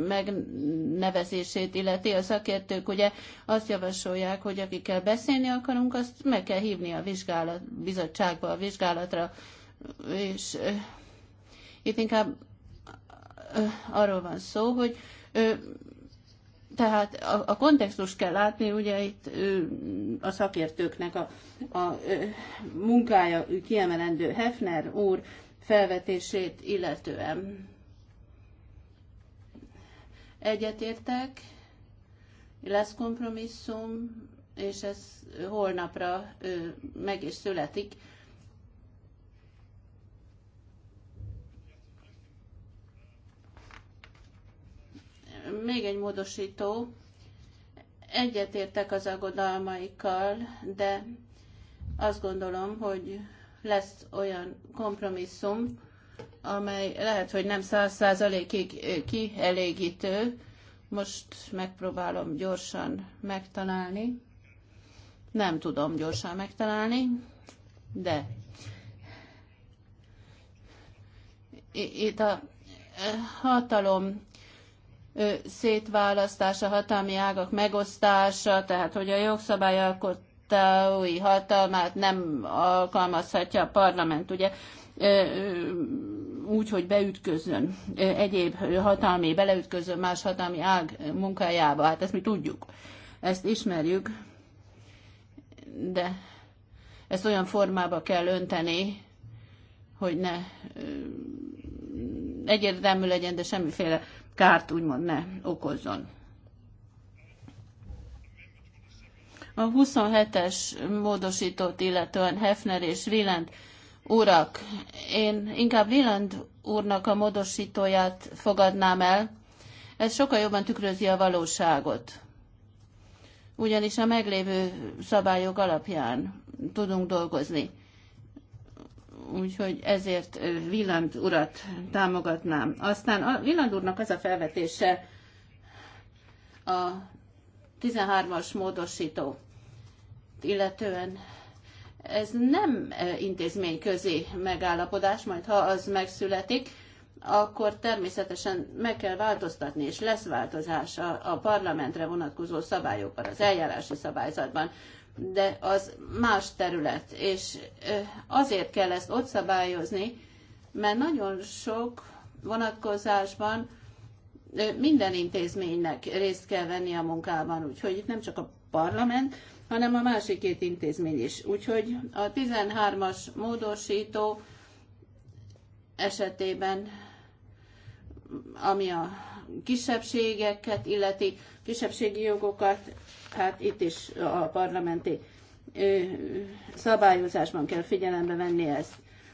megnevezését illeti, a szakértők ugye azt javasolják, hogy akikkel beszélni akarunk, azt meg kell hívni a vizsgálat, bizottságba a vizsgálatra, és itt inkább arról van szó, hogy tehát a, a kontextus kell látni, ugye itt a szakértőknek a, a munkája kiemelendő Hefner úr felvetését illetően. Egyetértek, lesz kompromisszum, és ez holnapra meg is születik. Még egy módosító. Egyetértek az aggodalmaikkal, de azt gondolom, hogy lesz olyan kompromisszum, amely lehet, hogy nem száz százalékig kielégítő. Most megpróbálom gyorsan megtalálni. Nem tudom gyorsan megtalálni, de itt a hatalom szétválasztása, hatalmi ágak megosztása, tehát hogy a jogszabályalkotói hatalmát nem alkalmazhatja a parlament. Ugye úgy, hogy beütközön egyéb hatalmi, beleütközön más hatalmi ág munkájába. Hát ezt mi tudjuk, ezt ismerjük, de ezt olyan formába kell önteni, hogy ne egyértelmű legyen, de semmiféle kárt úgymond ne okozzon. A 27-es módosítót illetően Hefner és Willent urak, én inkább Viland úrnak a módosítóját fogadnám el, ez sokkal jobban tükrözi a valóságot. Ugyanis a meglévő szabályok alapján tudunk dolgozni. Úgyhogy ezért Villand urat támogatnám. Aztán a Villand úrnak az a felvetése a 13-as módosító illetően ez nem e, intézményközi megállapodás, majd ha az megszületik, akkor természetesen meg kell változtatni, és lesz változás a, a parlamentre vonatkozó szabályokban, az eljárási szabályzatban, de az más terület, és e, azért kell ezt ott szabályozni, mert nagyon sok vonatkozásban e, minden intézménynek részt kell venni a munkában, úgyhogy itt nem csak a parlament, hanem a másik két intézmény is. Úgyhogy a 13-as módosító esetében, ami a kisebbségeket illeti, kisebbségi jogokat, hát itt is a parlamenti szabályozásban kell figyelembe venni ezt.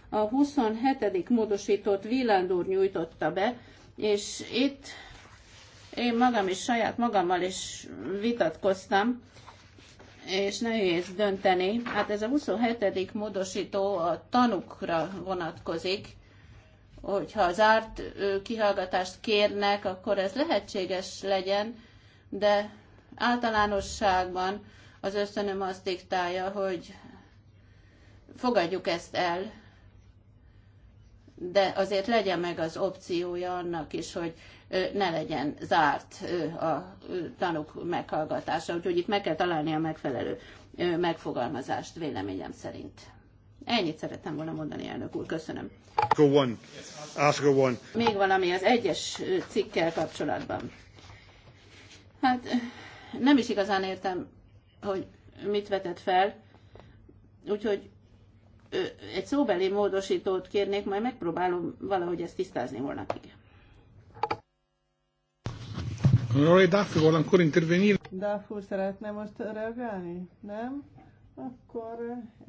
A 27. módosítót Villand úr nyújtotta be, és itt én magam is saját magammal is vitatkoztam, és nehéz dönteni. Hát ez a 27. módosító a tanukra vonatkozik, hogyha zárt kihallgatást kérnek, akkor ez lehetséges legyen, de általánosságban az ösztönöm azt diktálja, hogy fogadjuk ezt el, de azért legyen meg az opciója annak is, hogy ne legyen zárt a tanúk meghallgatása. Úgyhogy itt meg kell találni a megfelelő megfogalmazást véleményem szerint. Ennyit szerettem volna mondani, elnök úr. Köszönöm. Go on. Ask go on. Még valami az egyes cikkel kapcsolatban. Hát nem is igazán értem, hogy mit vetett fel, úgyhogy egy szóbeli módosítót kérnék, majd megpróbálom valahogy ezt tisztázni holnapig. Roy Duffy vuole ancora intervenire. Duffy úr szeretne most reagálni? Nem? Akkor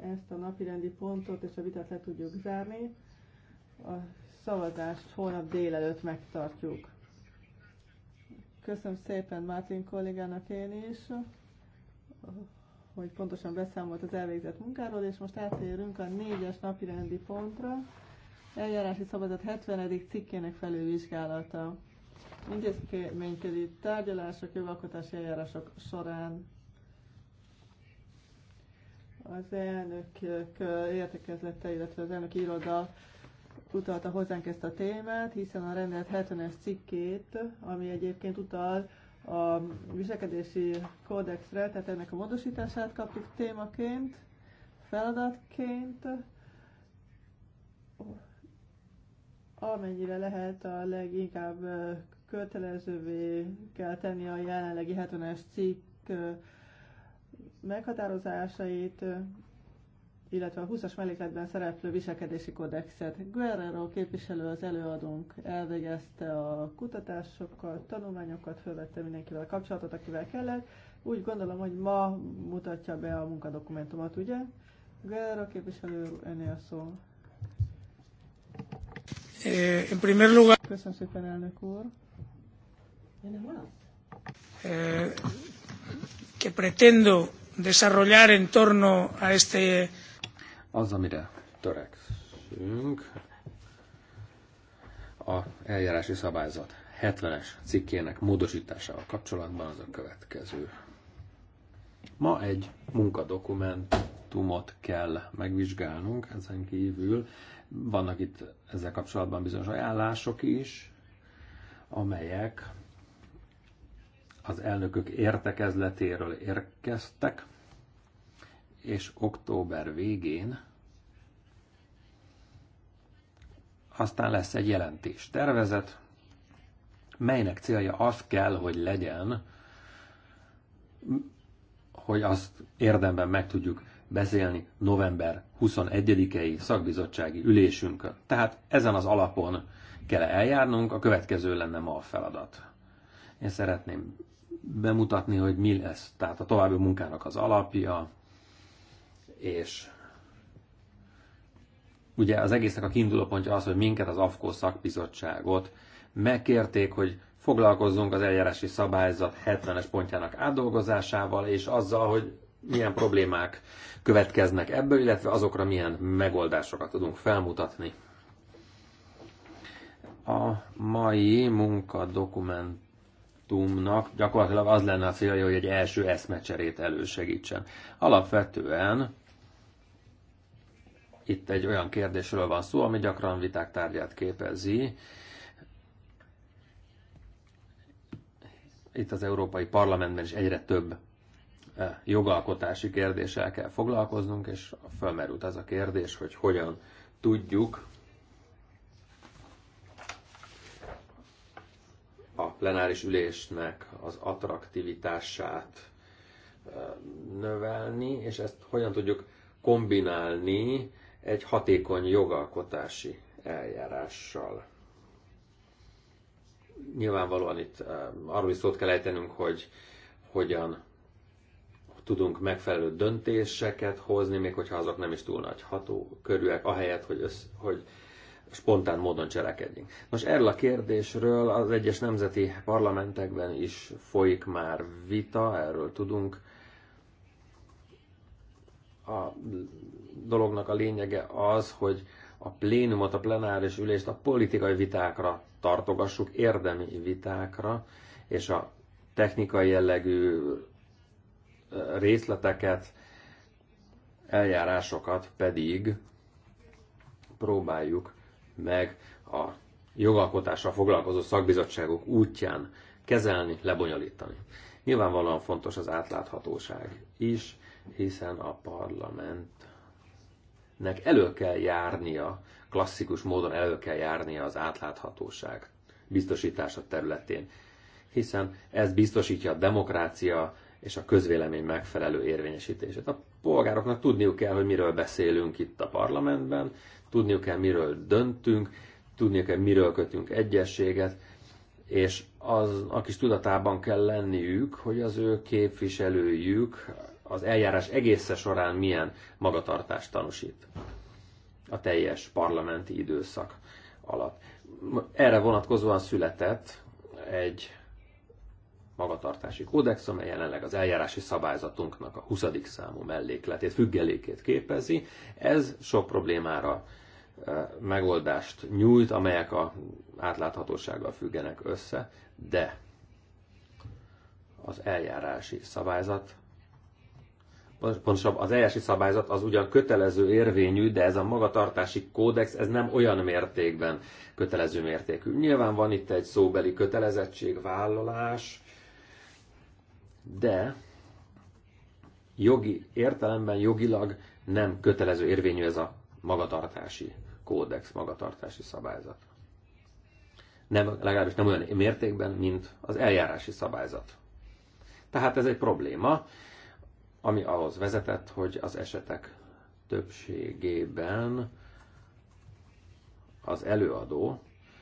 ezt a napirendi pontot és a vitát le tudjuk zárni. A szavazást holnap délelőtt megtartjuk. Köszönöm szépen Martin kollégának én is, hogy pontosan beszámolt az elvégzett munkáról, és most átérünk a négyes napirendi pontra. Eljárási szabadat 70. cikkének felülvizsgálata intézményközi tárgyalások, jogalkotási eljárások során az elnök értekezlete, illetve az elnök iroda utalta hozzánk ezt a témát, hiszen a rendelet 70-es cikkét, ami egyébként utal a viselkedési kódexre, tehát ennek a módosítását kaptuk témaként, feladatként, amennyire lehet a leginkább kötelezővé kell tenni a jelenlegi 70-es cikk meghatározásait, illetve a 20-as mellékletben szereplő viselkedési kodexet. Guerrero képviselő az előadónk elvégezte a kutatásokat, tanulmányokat, fölvette mindenkivel a kapcsolatot, akivel kellett. Úgy gondolom, hogy ma mutatja be a munkadokumentumot, ugye? Guerrero képviselő, ennél a szó. Eh, Köszönöm szépen, elnök úr! Eh, que pretendo desarrollar en torno a este. Az, amire törekszünk, a eljárási szabályzat 70-es cikkének módosításával kapcsolatban az a következő. Ma egy munkadokumentumot kell megvizsgálnunk, ezen kívül vannak itt ezzel kapcsolatban bizonyos ajánlások is, amelyek az elnökök értekezletéről érkeztek, és október végén aztán lesz egy jelentés tervezet, melynek célja az kell, hogy legyen, hogy azt érdemben meg tudjuk beszélni november 21-i szakbizottsági ülésünkön. Tehát ezen az alapon kell eljárnunk, a következő lenne ma a feladat. Én szeretném bemutatni, hogy mi lesz. Tehát a további munkának az alapja, és ugye az egésznek a kiinduló pontja az, hogy minket az AFKO szakbizottságot megkérték, hogy foglalkozzunk az eljárási szabályzat 70-es pontjának átdolgozásával, és azzal, hogy milyen problémák következnek ebből, illetve azokra milyen megoldásokat tudunk felmutatni. A mai munkadokument dokumentumnak gyakorlatilag az lenne a célja, hogy egy első eszmecserét elősegítsen. Alapvetően itt egy olyan kérdésről van szó, ami gyakran viták tárgyát képezi. Itt az Európai Parlamentben is egyre több eh, jogalkotási kérdéssel kell foglalkoznunk, és felmerült az a kérdés, hogy hogyan tudjuk a plenáris ülésnek az attraktivitását növelni, és ezt hogyan tudjuk kombinálni egy hatékony jogalkotási eljárással. Nyilvánvalóan itt arról is szót kell ejtenünk, hogy hogyan tudunk megfelelő döntéseket hozni, még hogyha azok nem is túl nagy ható hatókörűek, ahelyett, hogy, össz, hogy spontán módon cselekedjünk. Nos, erről a kérdésről az egyes nemzeti parlamentekben is folyik már vita, erről tudunk. A dolognak a lényege az, hogy a plénumot, a plenáris ülést a politikai vitákra tartogassuk, érdemi vitákra, és a technikai jellegű részleteket, eljárásokat pedig próbáljuk meg a jogalkotással foglalkozó szakbizottságok útján kezelni, lebonyolítani. Nyilvánvalóan fontos az átláthatóság is, hiszen a parlamentnek elő kell járnia, klasszikus módon elő kell járnia az átláthatóság biztosítása területén, hiszen ez biztosítja a demokrácia, és a közvélemény megfelelő érvényesítését. A polgároknak tudniuk kell, hogy miről beszélünk itt a parlamentben, tudniuk kell, miről döntünk, tudniuk kell, miről kötünk egyességet, és az is tudatában kell lenniük, hogy az ő képviselőjük az eljárás egésze során milyen magatartást tanúsít a teljes parlamenti időszak alatt. Erre vonatkozóan született egy magatartási kódex, amely jelenleg az eljárási szabályzatunknak a 20. számú mellékletét, függelékét képezi. Ez sok problémára megoldást nyújt, amelyek a átláthatósággal függenek össze, de az eljárási szabályzat pontosabban az eljárási szabályzat az ugyan kötelező érvényű, de ez a magatartási kódex, ez nem olyan mértékben kötelező mértékű. Nyilván van itt egy szóbeli kötelezettség, vállalás, de jogi értelemben, jogilag nem kötelező érvényű ez a magatartási kódex, magatartási szabályzat. Nem, legalábbis nem olyan mértékben, mint az eljárási szabályzat. Tehát ez egy probléma, ami ahhoz vezetett, hogy az esetek többségében az előadó,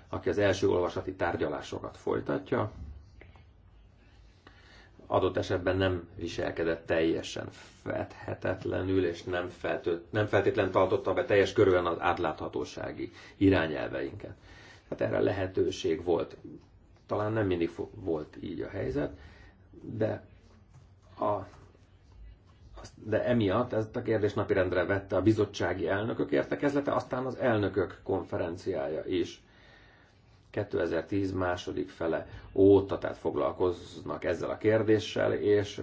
aki az első olvasati tárgyalásokat folytatja, adott esetben nem viselkedett teljesen fedhetetlenül, és nem, feltő, nem feltétlen tartotta be teljes körülön az átláthatósági irányelveinket. Hát erre lehetőség volt. Talán nem mindig volt így a helyzet, de a de emiatt ezt a kérdést napirendre vette a bizottsági elnökök értekezlete, aztán az elnökök konferenciája is. 2010 második fele óta, tehát foglalkoznak ezzel a kérdéssel, és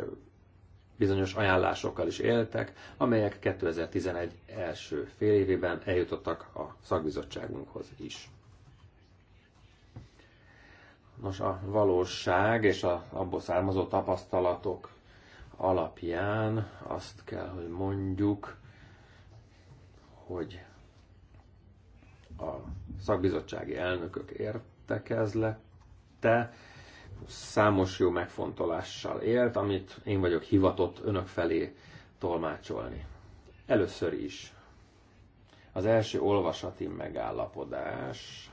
bizonyos ajánlásokkal is éltek, amelyek 2011 első fél évében eljutottak a szakbizottságunkhoz is. Nos, a valóság és a abból származó tapasztalatok alapján azt kell, hogy mondjuk, hogy a szakbizottsági elnökök értekezlete számos jó megfontolással élt, amit én vagyok hivatott önök felé tolmácsolni. Először is az első olvasati megállapodás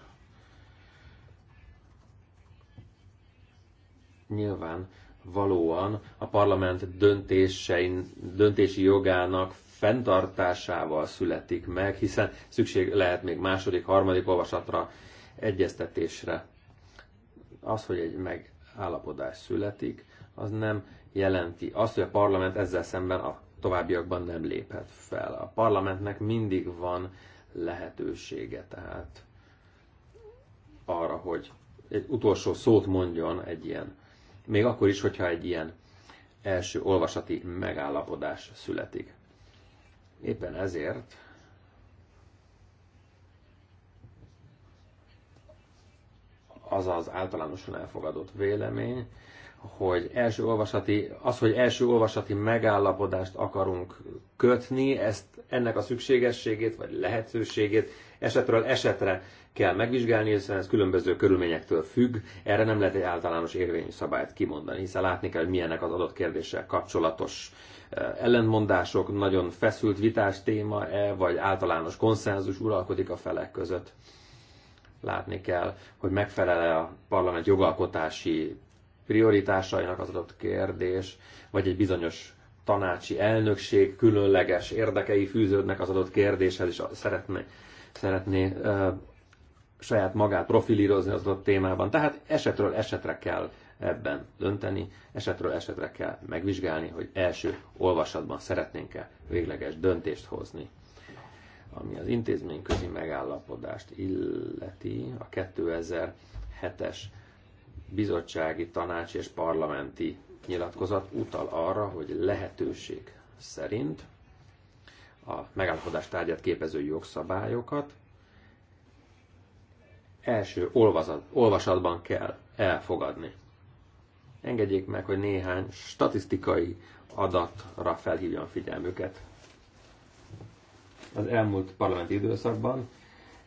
nyilván valóan a parlament döntésein, döntési jogának fenntartásával születik meg, hiszen szükség lehet még második, harmadik olvasatra, egyeztetésre. Az, hogy egy megállapodás születik, az nem jelenti azt, hogy a parlament ezzel szemben a továbbiakban nem léphet fel. A parlamentnek mindig van lehetősége tehát arra, hogy egy utolsó szót mondjon egy ilyen, még akkor is, hogyha egy ilyen első olvasati megállapodás születik. Éppen ezért az az általánosan elfogadott vélemény, hogy első olvasati, az, hogy első olvasati megállapodást akarunk kötni, ezt ennek a szükségességét vagy lehetőségét esetről esetre kell megvizsgálni, hiszen ez különböző körülményektől függ, erre nem lehet egy általános érvényű szabályt kimondani, hiszen látni kell, hogy milyenek az adott kérdéssel kapcsolatos eh, ellentmondások, nagyon feszült vitás téma-e, vagy általános konszenzus uralkodik a felek között. Látni kell, hogy megfelel-e a parlament jogalkotási prioritásainak az adott kérdés, vagy egy bizonyos tanácsi elnökség különleges érdekei fűződnek az adott kérdéshez, és szeretné, szeretné eh, saját magát profilírozni az adott témában. Tehát esetről esetre kell ebben dönteni, esetről esetre kell megvizsgálni, hogy első olvasatban szeretnénk-e végleges döntést hozni. Ami az intézményközi megállapodást illeti, a 2007-es bizottsági, tanácsi és parlamenti nyilatkozat utal arra, hogy lehetőség szerint a megállapodás tárgyát képező jogszabályokat első olvasat, olvasatban kell elfogadni. Engedjék meg, hogy néhány statisztikai adatra felhívjam figyelmüket. Az elmúlt parlamenti időszakban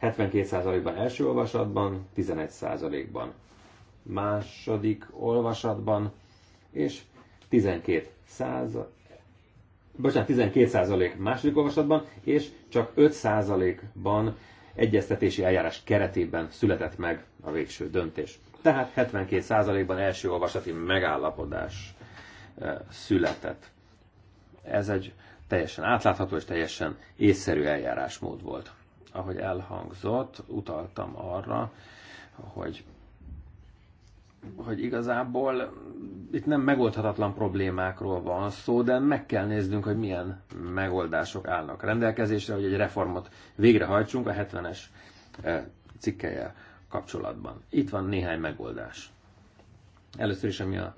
72%-ban első olvasatban, 11%-ban második olvasatban, és 12 bocsánat, 12 második olvasatban, és csak 5 ban egyeztetési eljárás keretében született meg a végső döntés. Tehát 72%-ban első olvasati megállapodás eh, született. Ez egy teljesen átlátható és teljesen észszerű eljárásmód volt. Ahogy elhangzott, utaltam arra, hogy hogy igazából itt nem megoldhatatlan problémákról van szó, de meg kell néznünk, hogy milyen megoldások állnak rendelkezésre, hogy egy reformot végrehajtsunk a 70-es eh, cikkeje kapcsolatban. Itt van néhány megoldás. Először is, ami a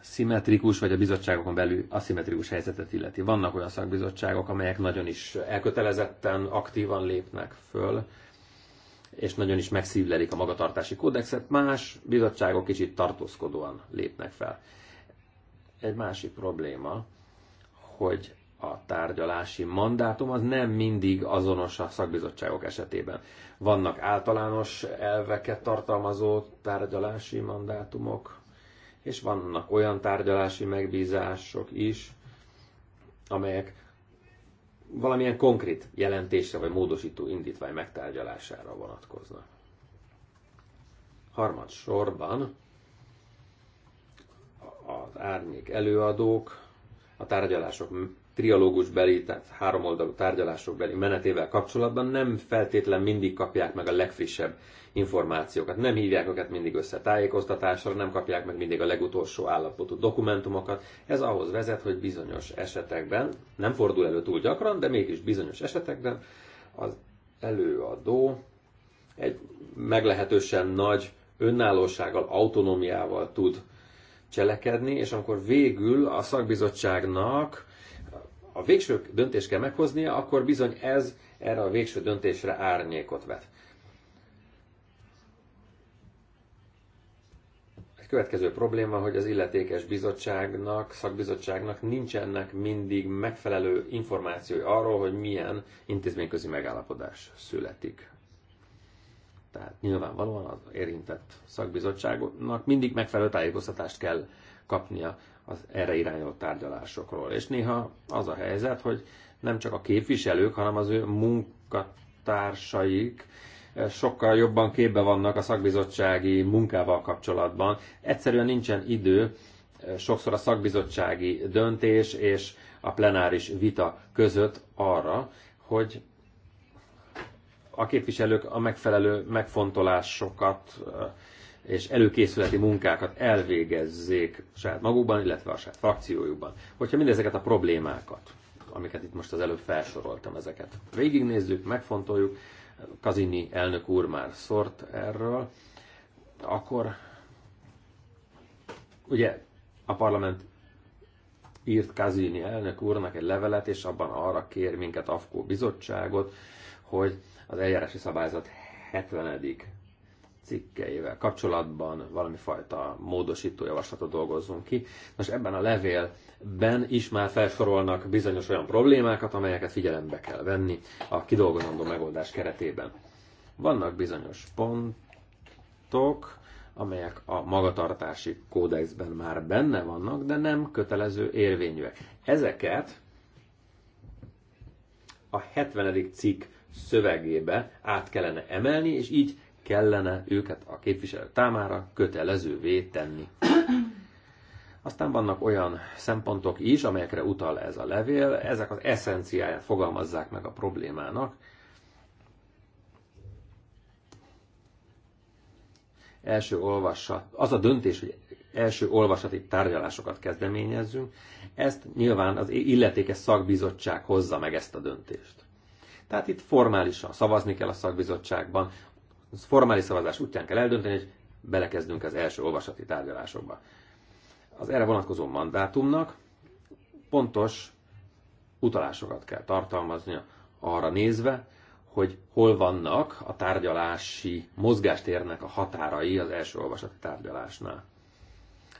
szimmetrikus, vagy a bizottságokon belül aszimmetrikus helyzetet illeti. Vannak olyan szakbizottságok, amelyek nagyon is elkötelezetten, aktívan lépnek föl, és nagyon is megszívlelik a magatartási kódexet, más bizottságok kicsit tartózkodóan lépnek fel. Egy másik probléma, hogy a tárgyalási mandátum az nem mindig azonos a szakbizottságok esetében. Vannak általános elveket tartalmazó tárgyalási mandátumok, és vannak olyan tárgyalási megbízások is, amelyek valamilyen konkrét jelentésre vagy módosító indítvány megtárgyalására vonatkoznak. Harmad sorban az árnyék előadók a tárgyalások beli, tehát háromoldalú beli menetével kapcsolatban nem feltétlen mindig kapják meg a legfrissebb információkat. Nem hívják őket mindig össze tájékoztatásra, nem kapják meg mindig a legutolsó állapotú dokumentumokat. Ez ahhoz vezet, hogy bizonyos esetekben, nem fordul elő túl gyakran, de mégis bizonyos esetekben az előadó egy meglehetősen nagy önállósággal, autonómiával tud cselekedni, és amikor végül a szakbizottságnak a végső döntést kell meghoznia, akkor bizony ez erre a végső döntésre árnyékot vet. Egy következő probléma, hogy az illetékes bizottságnak, szakbizottságnak nincsenek mindig megfelelő információi arról, hogy milyen intézményközi megállapodás születik. Tehát nyilvánvalóan az érintett szakbizottságnak mindig megfelelő tájékoztatást kell kapnia az erre irányuló tárgyalásokról. És néha az a helyzet, hogy nem csak a képviselők, hanem az ő munkatársaik eh, sokkal jobban képbe vannak a szakbizottsági munkával kapcsolatban. Egyszerűen nincsen idő eh, sokszor a szakbizottsági döntés és a plenáris vita között arra, hogy a képviselők a megfelelő megfontolásokat eh, és előkészületi munkákat elvégezzék saját magukban, illetve a saját frakciójukban. Hogyha mindezeket a problémákat, amiket itt most az előbb felsoroltam, ezeket végignézzük, megfontoljuk, Kazini elnök úr már szort erről, akkor ugye a parlament írt Kazini elnök úrnak egy levelet, és abban arra kér minket AFKO bizottságot, hogy az eljárási szabályzat 70 cikkeivel kapcsolatban valami fajta módosító javaslatot dolgozzunk ki. Most ebben a levélben is már felsorolnak bizonyos olyan problémákat, amelyeket figyelembe kell venni a kidolgozandó megoldás keretében. Vannak bizonyos pontok, amelyek a magatartási kódexben már benne vannak, de nem kötelező érvényűek. Ezeket a 70. cikk szövegébe át kellene emelni, és így kellene őket a képviselő támára kötelezővé tenni. Aztán vannak olyan szempontok is, amelyekre utal ez a levél, ezek az eszenciáját fogalmazzák meg a problémának. Első olvasat, az a döntés, hogy első olvasati tárgyalásokat kezdeményezzünk, ezt nyilván az illetékes szakbizottság hozza meg ezt a döntést. Tehát itt formálisan szavazni kell a szakbizottságban, formális szavazás útján kell eldönteni, hogy belekezdünk az első olvasati tárgyalásokba. Az erre vonatkozó mandátumnak pontos utalásokat kell tartalmaznia arra nézve, hogy hol vannak a tárgyalási mozgástérnek a határai az első olvasati tárgyalásnál.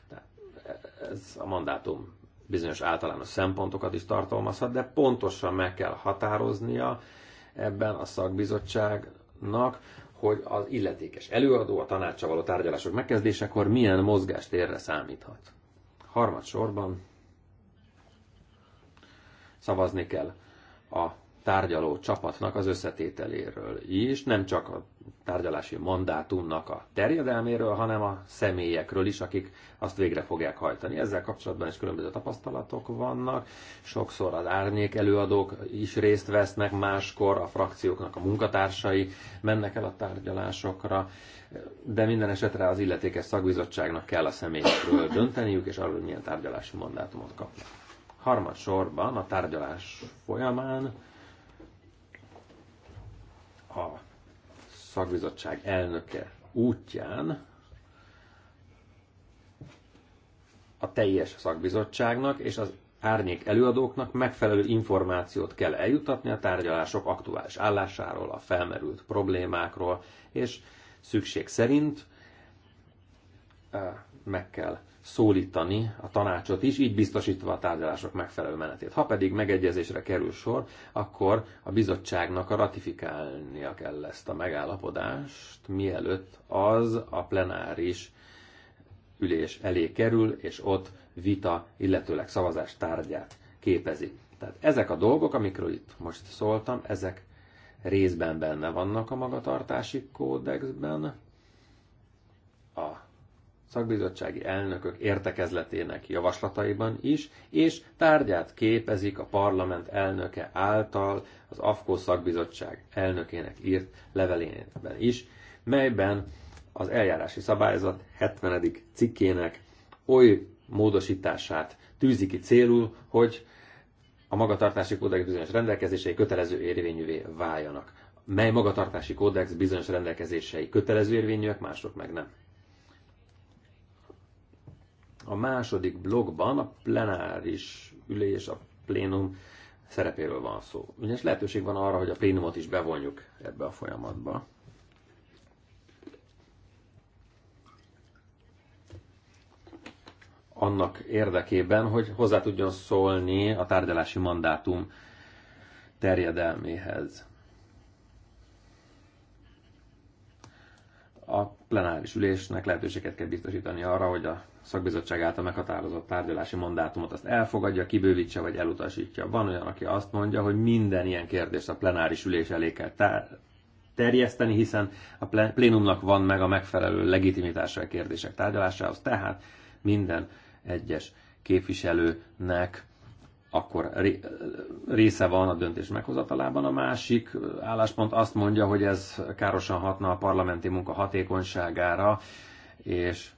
Tehát ez a mandátum bizonyos általános szempontokat is tartalmazhat, de pontosan meg kell határoznia ebben a szakbizottságnak, hogy az illetékes előadó a tanácsa való tárgyalások megkezdésekor milyen mozgástérre számíthat. Harmadsorban szavazni kell a tárgyaló csapatnak az összetételéről is, nem csak a tárgyalási mandátumnak a terjedelméről, hanem a személyekről is, akik azt végre fogják hajtani. Ezzel kapcsolatban is különböző tapasztalatok vannak, sokszor az árnyék előadók is részt vesznek, máskor a frakcióknak a munkatársai mennek el a tárgyalásokra, de minden esetre az illetékes szakbizottságnak kell a személyekről dönteniük, és arról, hogy milyen tárgyalási mandátumot kapnak. Harmadsorban a tárgyalás folyamán a szakbizottság elnöke útján a teljes szakbizottságnak és az árnyék előadóknak megfelelő információt kell eljutatni a tárgyalások aktuális állásáról, a felmerült problémákról, és szükség szerint eh, meg kell szólítani a tanácsot is, így biztosítva a tárgyalások megfelelő menetét. Ha pedig megegyezésre kerül sor, akkor a bizottságnak a ratifikálnia kell ezt a megállapodást, mielőtt az a plenáris ülés elé kerül, és ott vita, illetőleg szavazás tárgyát képezi. Tehát ezek a dolgok, amikről itt most szóltam, ezek részben benne vannak a magatartási kódexben, a szakbizottsági elnökök értekezletének javaslataiban is, és tárgyát képezik a parlament elnöke által az AFKO szakbizottság elnökének írt levelében is, melyben az eljárási szabályzat 70. cikkének oly módosítását tűzi ki célul, hogy a magatartási kódex bizonyos rendelkezései kötelező érvényűvé váljanak. Mely magatartási kódex bizonyos rendelkezései kötelező érvényűek, mások meg nem. A második blogban a plenáris ülés, a plénum szerepéről van szó. Ugyanis lehetőség van arra, hogy a plénumot is bevonjuk ebbe a folyamatba. annak érdekében, hogy hozzá tudjon szólni a tárgyalási mandátum terjedelméhez. A plenáris ülésnek lehetőséget kell biztosítani arra, hogy a szakbizottság által meghatározott tárgyalási mandátumot azt elfogadja, kibővítse vagy elutasítja. Van olyan, aki azt mondja, hogy minden ilyen kérdést a plenáris ülés elé kell terjeszteni, hiszen a plénumnak van meg a megfelelő legitimitása a kérdések tárgyalásához, tehát minden egyes képviselőnek akkor része van a döntés meghozatalában. A másik álláspont azt mondja, hogy ez károsan hatna a parlamenti munka hatékonyságára, és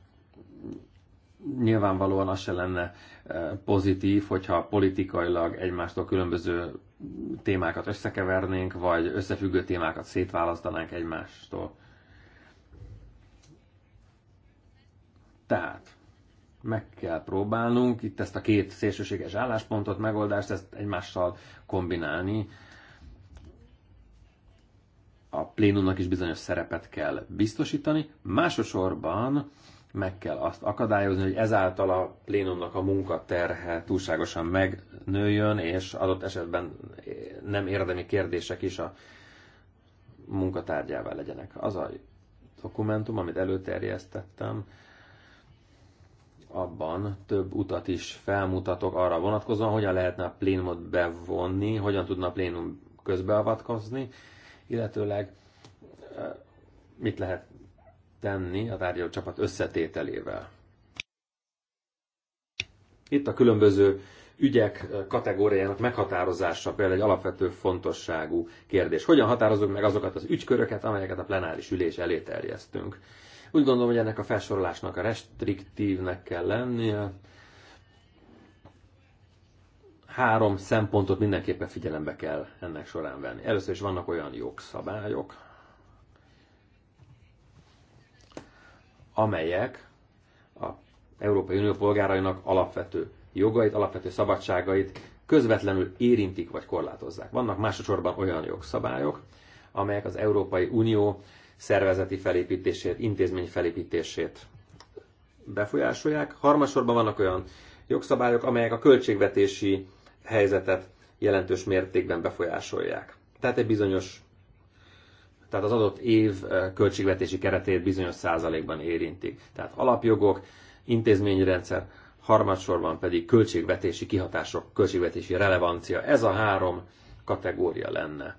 nyilvánvalóan az se lenne eh, pozitív, hogyha politikailag egymástól különböző témákat összekevernénk, vagy összefüggő témákat szétválasztanánk egymástól. Tehát meg kell próbálnunk itt ezt a két szélsőséges álláspontot, megoldást, ezt egymással kombinálni. A plénumnak is bizonyos szerepet kell biztosítani. Másosorban meg kell azt akadályozni, hogy ezáltal a plénumnak a munkaterhe túlságosan megnőjön, és adott esetben nem érdemi kérdések is a munkatárgyává legyenek. Az a dokumentum, amit előterjesztettem, abban több utat is felmutatok arra vonatkozóan, hogyan lehetne a plénumot bevonni, hogyan tudna a plénum közbeavatkozni, illetőleg eh, mit lehet tenni a tárgyalócsapat összetételével. Itt a különböző ügyek kategóriájának meghatározása például egy alapvető fontosságú kérdés. Hogyan határozunk meg azokat az ügyköröket, amelyeket a plenáris ülés elé terjesztünk? Úgy gondolom, hogy ennek a felsorolásnak a restriktívnek kell lennie. Három szempontot mindenképpen figyelembe kell ennek során venni. Először is vannak olyan jogszabályok, amelyek a Európai Unió polgárainak alapvető jogait, alapvető szabadságait közvetlenül érintik vagy korlátozzák. Vannak másodszorban olyan jogszabályok, amelyek az Európai Unió szervezeti felépítését, intézmény felépítését befolyásolják. Harmadsorban vannak olyan jogszabályok, amelyek a költségvetési helyzetet jelentős mértékben befolyásolják. Tehát egy bizonyos tehát az adott év költségvetési keretét bizonyos százalékban érintik. Tehát alapjogok, intézményrendszer, harmadsorban pedig költségvetési kihatások, költségvetési relevancia. Ez a három kategória lenne.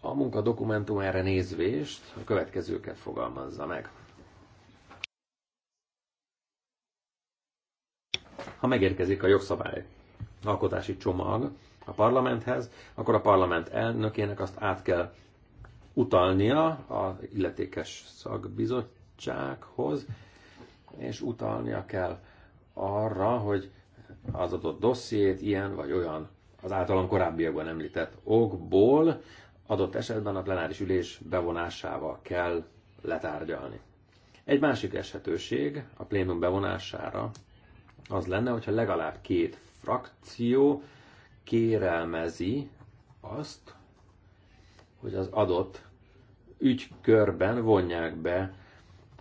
A munka dokumentum erre nézvést a következőket fogalmazza meg. Ha megérkezik a jogszabály alkotási csomag a parlamenthez, akkor a parlament elnökének azt át kell utalnia az illetékes szakbizottsághoz, és utalnia kell arra, hogy az adott dossziét ilyen vagy olyan az általam korábbiakban említett okból adott esetben a plenáris ülés bevonásával kell letárgyalni. Egy másik esetőség a plénum bevonására az lenne, hogyha legalább két frakció kérelmezi azt, hogy az adott ügykörben vonják be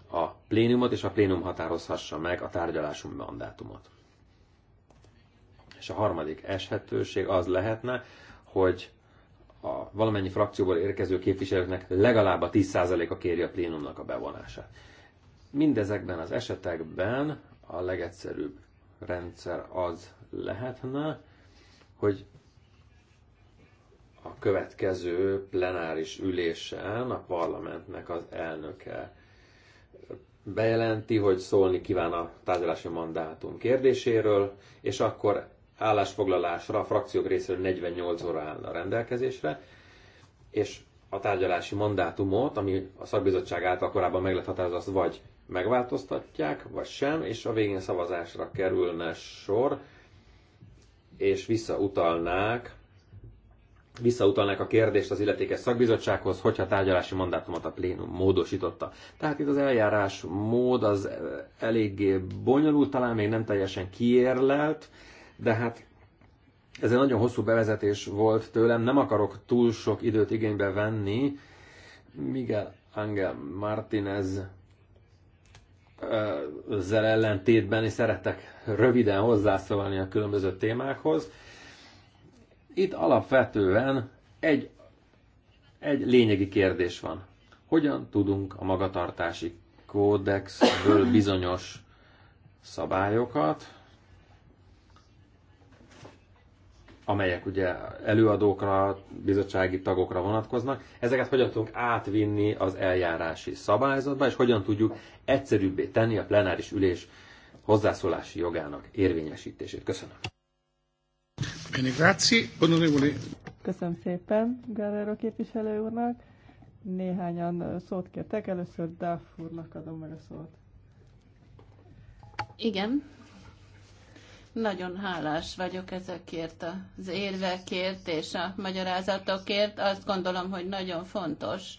a plénumot, és a plénum határozhassa meg a tárgyalásunk mandátumot. És a harmadik eshetőség az lehetne, hogy a valamennyi frakcióból érkező képviselőknek legalább a 10%-a kéri a plénumnak a bevonását. Mindezekben az esetekben a legegyszerűbb rendszer az lehetne, hogy a következő plenáris ülésen a parlamentnek az elnöke bejelenti, hogy szólni kíván a tárgyalási mandátum kérdéséről, és akkor állásfoglalásra a frakciók részéről 48 óra áll a rendelkezésre, és a tárgyalási mandátumot, ami a szakbizottság által korábban meg lett határozva, azt vagy megváltoztatják, vagy sem, és a végén szavazásra kerülne sor, és visszautalnák visszautalnák a kérdést az illetékes szakbizottsághoz, hogyha a tárgyalási mandátumot a plénum módosította. Tehát itt az eljárás mód az eh, eléggé bonyolult, talán még nem teljesen kiérlelt, de hát ez egy nagyon hosszú bevezetés volt tőlem, nem akarok túl sok időt igénybe venni. Miguel Angel Martinez eh, ezzel ellentétben, is szeretek röviden hozzászólni a különböző témákhoz. Itt alapvetően egy, egy lényegi kérdés van. Hogyan tudunk a magatartási kódexből bizonyos szabályokat, amelyek ugye előadókra, bizottsági tagokra vonatkoznak, ezeket hogyan tudunk átvinni az eljárási szabályzatba, és hogyan tudjuk egyszerűbbé tenni a plenáris ülés hozzászólási jogának érvényesítését. Köszönöm. Bene, grazie. Onorevole. Köszönöm szépen Guerrero képviselő úrnak. Néhányan szót kértek, először Duff úrnak adom meg a szót. Igen, nagyon hálás vagyok ezekért az érvekért és a magyarázatokért. Azt gondolom, hogy nagyon fontos,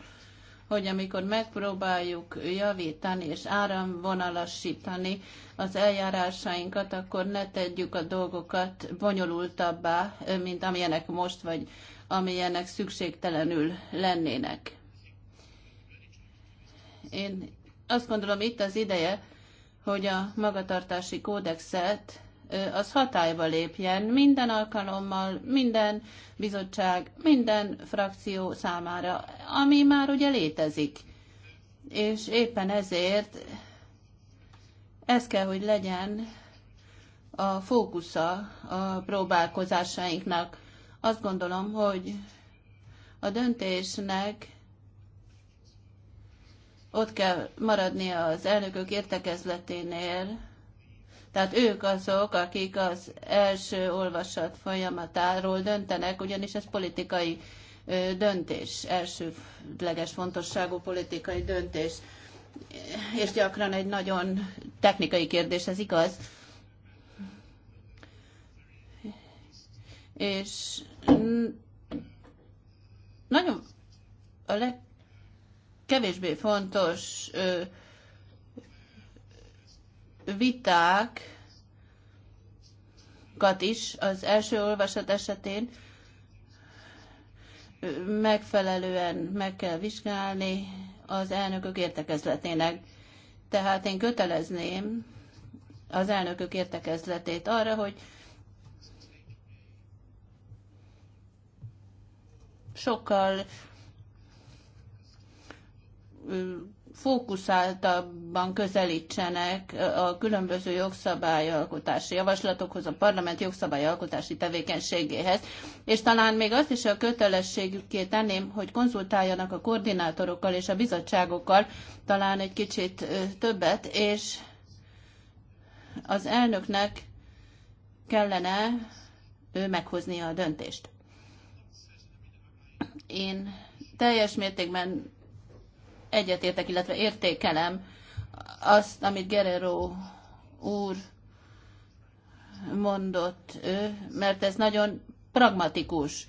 hogy amikor megpróbáljuk javítani és áramvonalasítani az eljárásainkat, akkor ne tegyük a dolgokat bonyolultabbá, mint amilyenek most, vagy amilyenek szükségtelenül lennének. Én azt gondolom, itt az ideje, hogy a magatartási kódexet az hatályba lépjen minden alkalommal, minden bizottság, minden frakció számára, ami már ugye létezik. És éppen ezért ez kell, hogy legyen a fókusza a próbálkozásainknak. Azt gondolom, hogy a döntésnek ott kell maradnia az elnökök értekezleténél, tehát ők azok, akik az első olvasat folyamatáról döntenek, ugyanis ez politikai döntés, elsődleges fontosságú politikai döntés, és gyakran egy nagyon technikai kérdés, ez igaz. És nagyon a legkevésbé fontos ö, vitákat is az első olvasat esetén megfelelően meg kell vizsgálni az elnökök értekezletének. Tehát én kötelezném az elnökök értekezletét arra, hogy sokkal fókuszáltabban közelítsenek a különböző jogszabályalkotási javaslatokhoz, a parlament jogszabályalkotási tevékenységéhez, és talán még azt is a kötelességükké tenném, hogy konzultáljanak a koordinátorokkal és a bizottságokkal, talán egy kicsit többet, és az elnöknek kellene ő meghoznia a döntést. Én teljes mértékben egyetértek, illetve értékelem azt, amit Gerero úr mondott ő, mert ez nagyon pragmatikus,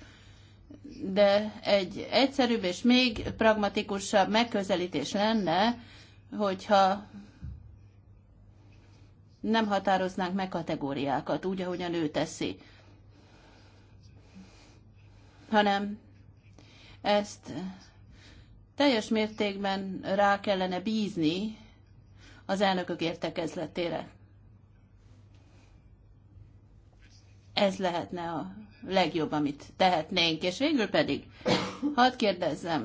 de egy egyszerűbb és még pragmatikusabb megközelítés lenne, hogyha nem határoznánk meg kategóriákat, úgy, ahogyan ő teszi, hanem ezt teljes mértékben rá kellene bízni az elnökök értekezletére. Ez lehetne a legjobb, amit tehetnénk. És végül pedig, hadd kérdezzem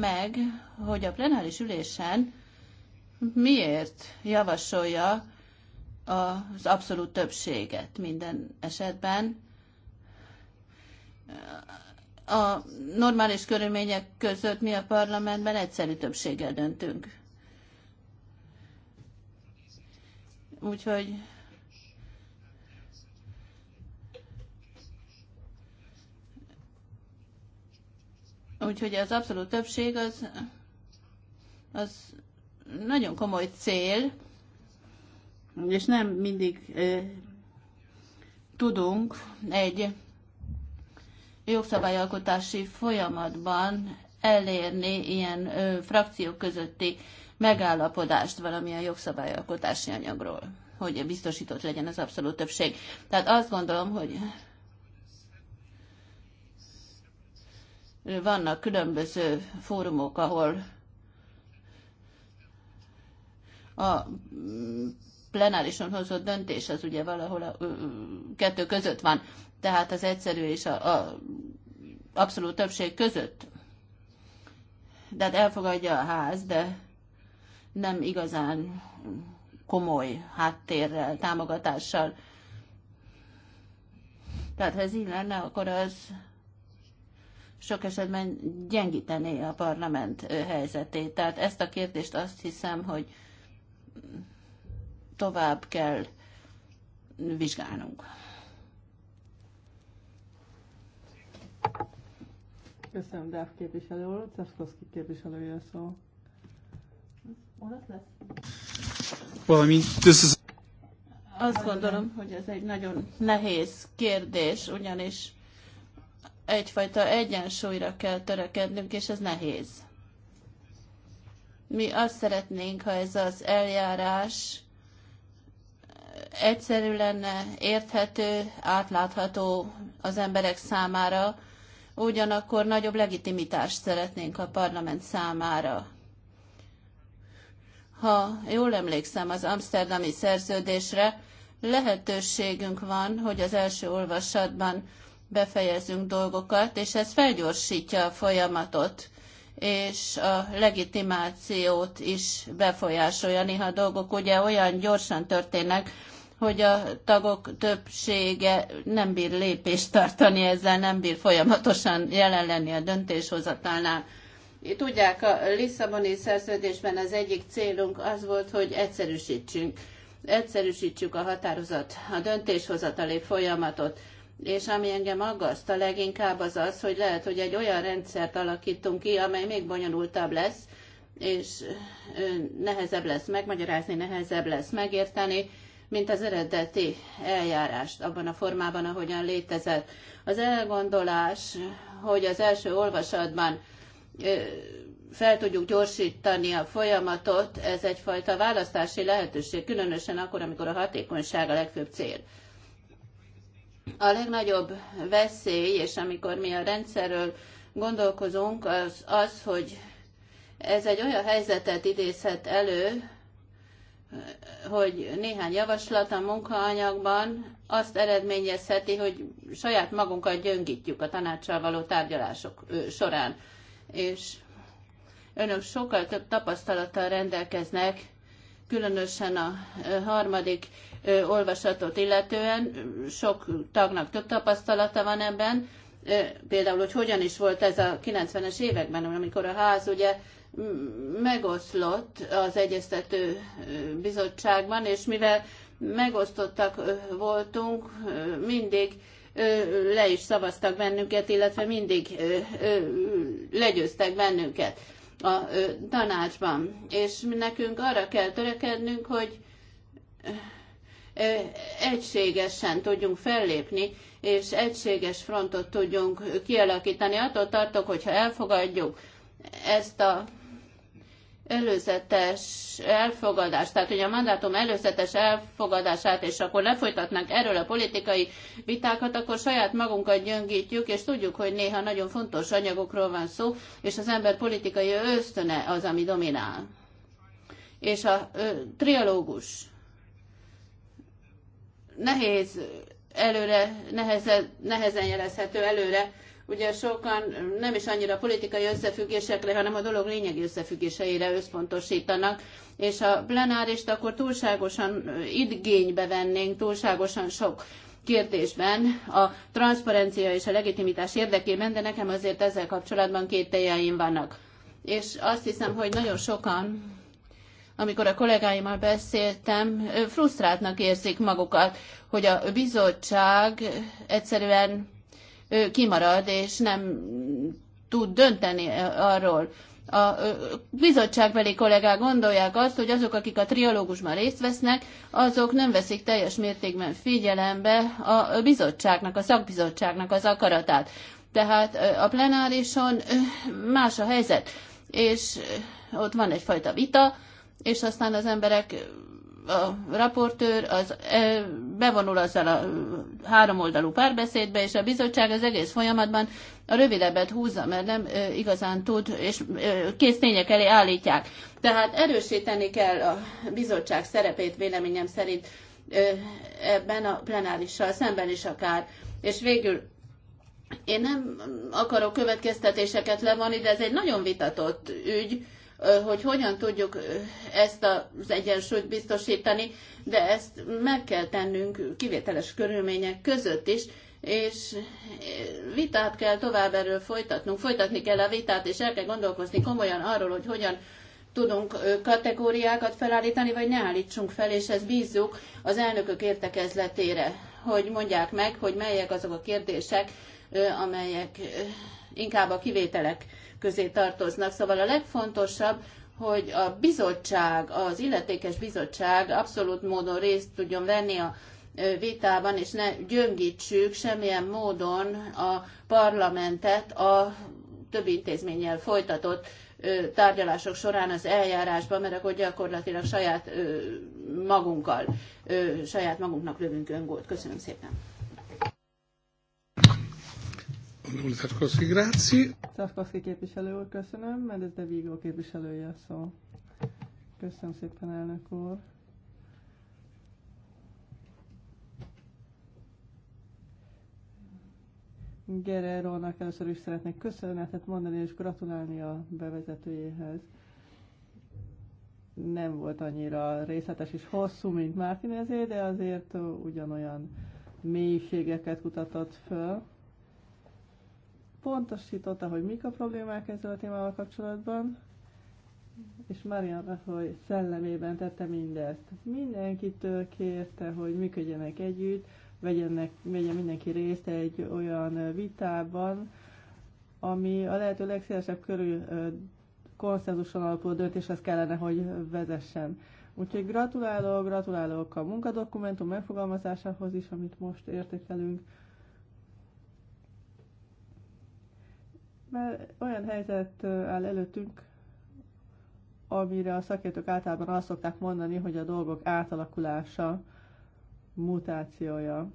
meg, hogy a plenáris ülésen miért javasolja az abszolút többséget minden esetben a normális körülmények között mi a parlamentben egyszerű többséggel döntünk. Úgyhogy Úgyhogy az abszolút többség az, az nagyon komoly cél, és nem mindig eh, tudunk egy jogszabályalkotási folyamatban elérni ilyen ö, frakciók közötti megállapodást valamilyen jogszabályalkotási anyagról, hogy biztosított legyen az abszolút többség. Tehát azt gondolom, hogy vannak különböző fórumok, ahol a plenárison hozott döntés az ugye valahol a kettő között van, tehát az egyszerű és a, a abszolút többség között. De hát elfogadja a ház, de nem igazán komoly háttérrel, támogatással. Tehát ha ez így lenne, akkor az sok esetben gyengítené a parlament helyzetét. Tehát ezt a kérdést azt hiszem, hogy tovább kell vizsgálnunk. Köszönöm, Dáv képviselő úr. Cefkoszki képviselője szó. Olasz Well, I mean, this is... Azt gondolom, hogy ez egy nagyon nehéz kérdés, ugyanis egyfajta egyensúlyra kell törekednünk, és ez nehéz. Mi azt szeretnénk, ha ez az eljárás egyszerű lenne, érthető, átlátható az emberek számára, ugyanakkor nagyobb legitimitást szeretnénk a parlament számára. Ha jól emlékszem az amsterdami szerződésre, lehetőségünk van, hogy az első olvasatban befejezünk dolgokat, és ez felgyorsítja a folyamatot, és a legitimációt is befolyásolja. Néha a dolgok ugye olyan gyorsan történnek, hogy a tagok többsége nem bír lépést tartani ezzel, nem bír folyamatosan jelen lenni a döntéshozatalnál. Tudják, a Lisszaboni szerződésben az egyik célunk az volt, hogy egyszerűsítsünk. Egyszerűsítsük a határozat, a döntéshozatali folyamatot. És ami engem aggaszt a leginkább az az, hogy lehet, hogy egy olyan rendszert alakítunk ki, amely még bonyolultabb lesz, és nehezebb lesz megmagyarázni, nehezebb lesz megérteni, mint az eredeti eljárást abban a formában, ahogyan létezett. Az elgondolás, hogy az első olvasatban fel tudjuk gyorsítani a folyamatot, ez egyfajta választási lehetőség, különösen akkor, amikor a hatékonyság a legfőbb cél. A legnagyobb veszély, és amikor mi a rendszerről gondolkozunk, az az, hogy ez egy olyan helyzetet idézhet elő, hogy néhány javaslat a munkaanyagban azt eredményezheti, hogy saját magunkat gyöngítjük a tanácssal való tárgyalások során. És önök sokkal több tapasztalattal rendelkeznek, különösen a harmadik olvasatot illetően. Sok tagnak több tapasztalata van ebben. Például, hogy hogyan is volt ez a 90-es években, amikor a ház ugye megoszlott az egyeztető bizottságban, és mivel megosztottak voltunk, mindig le is szavaztak bennünket, illetve mindig legyőztek bennünket a tanácsban. És nekünk arra kell törekednünk, hogy egységesen tudjunk fellépni, és egységes frontot tudjunk kialakítani. Attól tartok, hogyha elfogadjuk ezt a előzetes elfogadást, tehát hogy a mandátum előzetes elfogadását, és akkor lefolytatnánk erről a politikai vitákat, akkor saját magunkat gyöngítjük, és tudjuk, hogy néha nagyon fontos anyagokról van szó, és az ember politikai ösztöne az, ami dominál. És a ö, trialógus nehéz előre, nehezen, nehezen jelezhető előre, Ugye sokan nem is annyira politikai összefüggésekre, hanem a dolog lényegi összefüggéseire összpontosítanak, és a plenárist akkor túlságosan idgénybe vennénk, túlságosan sok kérdésben a transzparencia és a legitimitás érdekében, de nekem azért ezzel kapcsolatban két tejeim vannak. És azt hiszem, hogy nagyon sokan, amikor a kollégáimmal beszéltem, frusztráltnak érzik magukat, hogy a bizottság egyszerűen kimarad, és nem tud dönteni arról. A bizottságbeli kollégák gondolják azt, hogy azok, akik a triológusban részt vesznek, azok nem veszik teljes mértékben figyelembe a bizottságnak, a szakbizottságnak az akaratát. Tehát a plenárison más a helyzet, és ott van egyfajta vita, és aztán az emberek a raportőr az, bevonul azzal a háromoldalú párbeszédbe, és a bizottság az egész folyamatban a rövidebbet húzza, mert nem igazán tud, és kész tények elé állítják. Tehát erősíteni kell a bizottság szerepét véleményem szerint ebben a plenárissal szemben is akár. És végül én nem akarok következtetéseket levonni, de ez egy nagyon vitatott ügy, hogy hogyan tudjuk ezt az egyensúlyt biztosítani, de ezt meg kell tennünk kivételes körülmények között is, és vitát kell tovább erről folytatnunk, folytatni kell a vitát, és el kell gondolkozni komolyan arról, hogy hogyan tudunk kategóriákat felállítani, vagy ne állítsunk fel, és ezt bízzuk az elnökök értekezletére, hogy mondják meg, hogy melyek azok a kérdések, amelyek inkább a kivételek közé tartoznak. Szóval a legfontosabb, hogy a bizottság, az illetékes bizottság abszolút módon részt tudjon venni a vitában, és ne gyöngítsük semmilyen módon a parlamentet a több intézménnyel folytatott tárgyalások során az eljárásban, mert akkor gyakorlatilag saját magunkkal, saját magunknak lövünk öngót. Köszönöm szépen. Honorable Tarkovsky, grazie. Tarkovsky képviselő úr, köszönöm, mert ez de Vigo képviselője a szó. Köszönöm szépen, elnök úr. Gererónak először is szeretnék köszönetet mondani és gratulálni a bevezetőjéhez. Nem volt annyira részletes és hosszú, mint Mártinezé, de azért ugyanolyan mélységeket kutatott föl pontosította, hogy mik a problémák ezzel a témával kapcsolatban, és Marian hogy szellemében tette mindezt. Mindenkitől kérte, hogy működjenek együtt, vegyenek, vegyen mindenki részt egy olyan vitában, ami a lehető legszélesebb körül konszenzuson alapuló döntéshez kellene, hogy vezessen. Úgyhogy gratulálok, gratulálok a munkadokumentum megfogalmazásához is, amit most értékelünk. mert olyan helyzet áll előttünk, amire a szakértők általában azt szokták mondani, hogy a dolgok átalakulása, mutációja.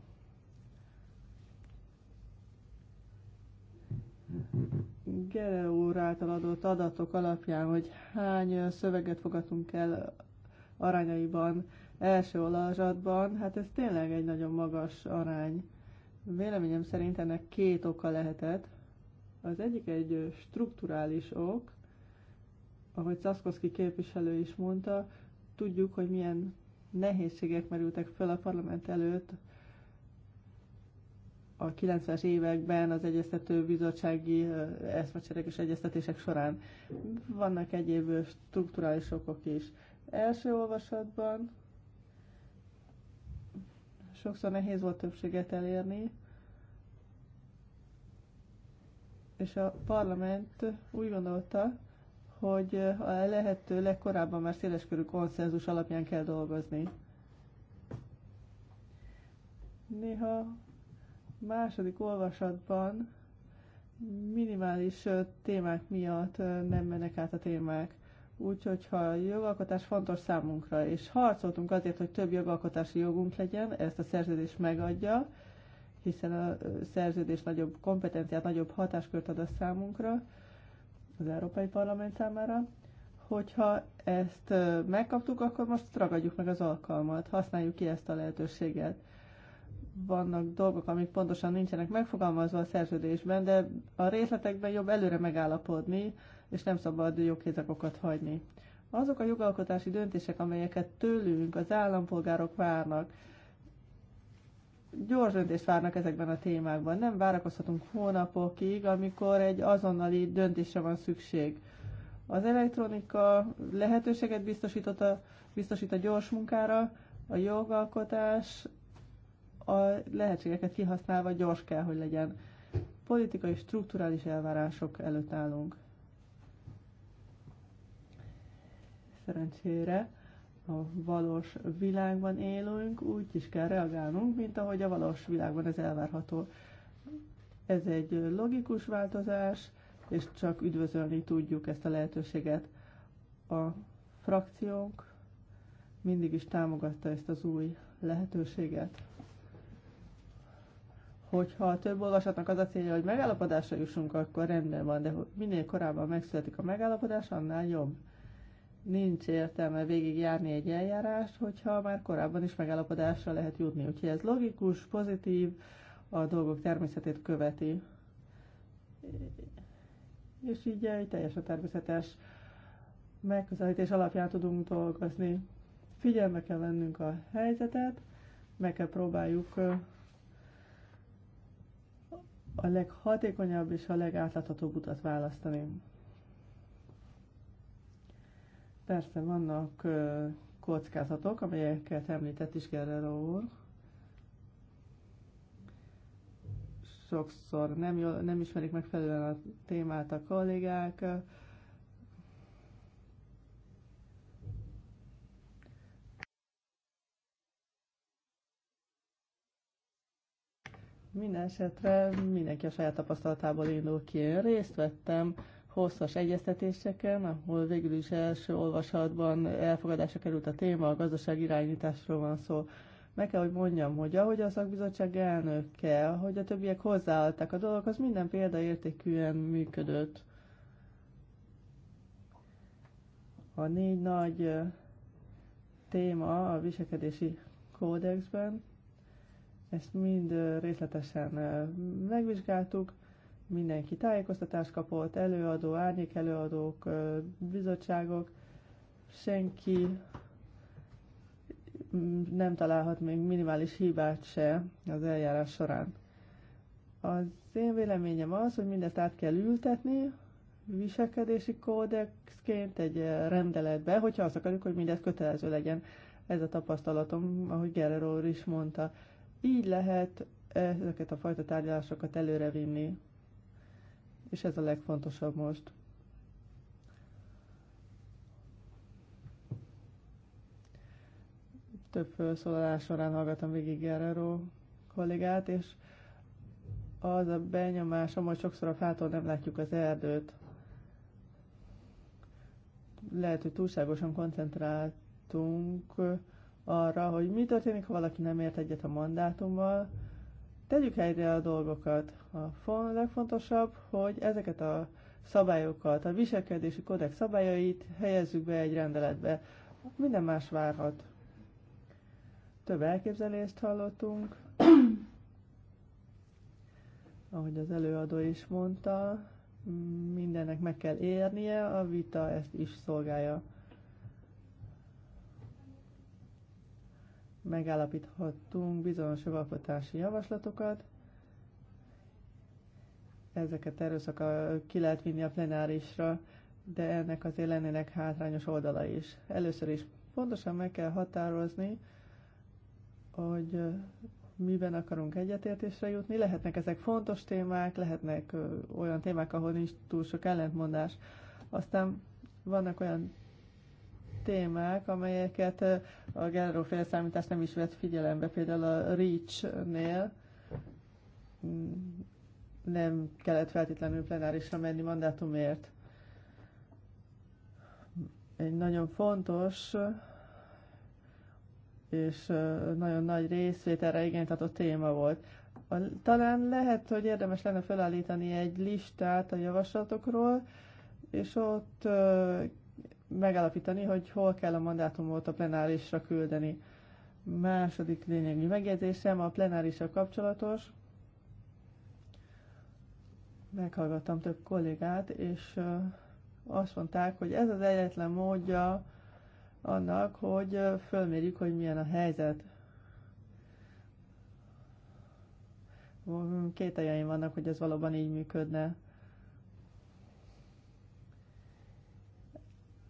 Gere úr által adott adatok alapján, hogy hány szöveget fogadtunk el arányaiban első olvasatban, hát ez tényleg egy nagyon magas arány. Véleményem szerint ennek két oka lehetett. Az egyik egy strukturális ok, ahogy Szaszkoszki képviselő is mondta, tudjuk, hogy milyen nehézségek merültek fel a parlament előtt a 90-es években az egyeztető bizottsági eszmecserek és egyeztetések során. Vannak egyéb strukturális okok is. Első olvasatban sokszor nehéz volt többséget elérni, és a parlament úgy gondolta, hogy a lehető legkorábban már széleskörű konszenzus alapján kell dolgozni. Néha második olvasatban minimális témák miatt nem mennek át a témák. Úgyhogy ha a jogalkotás fontos számunkra, és harcoltunk azért, hogy több jogalkotási jogunk legyen, ezt a szerződés megadja, hiszen a szerződés nagyobb kompetenciát, nagyobb hatáskört ad a számunkra, az Európai Parlament számára, hogyha ezt megkaptuk, akkor most ragadjuk meg az alkalmat, használjuk ki ezt a lehetőséget. Vannak dolgok, amik pontosan nincsenek megfogalmazva a szerződésben, de a részletekben jobb előre megállapodni, és nem szabad jogkézakokat hagyni. Azok a jogalkotási döntések, amelyeket tőlünk az állampolgárok várnak, gyors döntést várnak ezekben a témákban. Nem várakozhatunk hónapokig, amikor egy azonnali döntésre van szükség. Az elektronika lehetőséget biztosított a, biztosít a gyors munkára, a jogalkotás a lehetségeket kihasználva gyors kell, hogy legyen. Politikai, strukturális elvárások előtt állunk. Szerencsére a valós világban élünk, úgy is kell reagálnunk, mint ahogy a valós világban ez elvárható. Ez egy logikus változás, és csak üdvözölni tudjuk ezt a lehetőséget. A frakciónk mindig is támogatta ezt az új lehetőséget. Hogyha a több olvasatnak az a célja, hogy megállapodásra jussunk, akkor rendben van, de minél korábban megszületik a megállapodás, annál jobb nincs értelme végigjárni egy eljárást, hogyha már korábban is megállapodásra lehet jutni. Úgyhogy ez logikus, pozitív, a dolgok természetét követi. És így egy teljesen természetes megközelítés alapján tudunk dolgozni. Figyelme kell vennünk a helyzetet, meg kell próbáljuk a leghatékonyabb és a legátláthatóbb utat választani. Persze vannak kockázatok, amelyeket említett is Gerrero úr. Sokszor nem, jól, nem ismerik megfelelően a témát a kollégák. Minden esetre mindenki a saját tapasztalatából indul ki. Én részt vettem hosszas egyeztetéseken, ahol végül is első olvasatban elfogadásra került a téma, a gazdaság irányításról van szó. Meg kell, hogy mondjam, hogy ahogy a szakbizottság elnöke, ahogy a többiek hozzáálltak a dolgok az minden példaértékűen működött. A négy nagy téma a viselkedési kódexben, ezt mind részletesen megvizsgáltuk, mindenki tájékoztatást kapott, előadó, árnyék előadók, bizottságok, senki nem találhat még minimális hibát se az eljárás során. Az én véleményem az, hogy mindezt át kell ültetni viselkedési kódexként egy rendeletbe, hogyha azt akarjuk, hogy mindez kötelező legyen. Ez a tapasztalatom, ahogy Gerrero is mondta. Így lehet ezeket a fajta tárgyalásokat előrevinni és ez a legfontosabb most. Több felszólalás során hallgattam végig Guerrero kollégát, és az a benyomásom, hogy sokszor a fától nem látjuk az erdőt. Lehet, hogy túlságosan koncentráltunk arra, hogy mi történik, ha valaki nem ért egyet a mandátummal, Tegyük helyre a dolgokat. A legfontosabb, hogy ezeket a szabályokat, a viselkedési kodex szabályait helyezzük be egy rendeletbe. Minden más várhat. Több elképzelést hallottunk, ahogy az előadó is mondta, mindennek meg kell érnie, a vita ezt is szolgálja. megállapíthattunk bizonyos jogalkotási javaslatokat. Ezeket erőszak ki lehet vinni a plenárisra, de ennek azért lennének hátrányos oldala is. Először is pontosan meg kell határozni, hogy miben akarunk egyetértésre jutni. Lehetnek ezek fontos témák, lehetnek olyan témák, ahol nincs túl sok ellentmondás. Aztán vannak olyan témák, amelyeket a generóféle nem is vett figyelembe, például a REACH-nél mm, nem kellett feltétlenül plenárisra menni mandátumért. Egy nagyon fontos és nagyon nagy erre igényt adott téma volt. A, talán lehet, hogy érdemes lenne felállítani egy listát a javaslatokról, és ott megállapítani, hogy hol kell a mandátumot a plenárisra küldeni. Második lényegű megjegyzésem a plenárisra kapcsolatos. Meghallgattam több kollégát, és azt mondták, hogy ez az egyetlen módja annak, hogy fölmérjük, hogy milyen a helyzet. Kételjeim vannak, hogy ez valóban így működne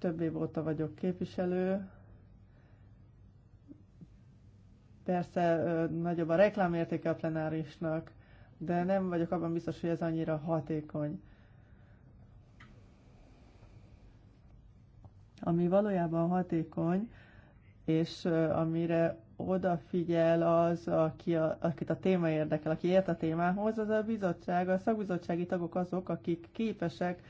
több év óta vagyok képviselő. Persze nagyobb a reklámértéke a plenárisnak, de nem vagyok abban biztos, hogy ez annyira hatékony. Ami valójában hatékony, és amire odafigyel az, aki a, akit a téma érdekel, aki ért a témához, az a bizottság, a szakbizottsági tagok azok, akik képesek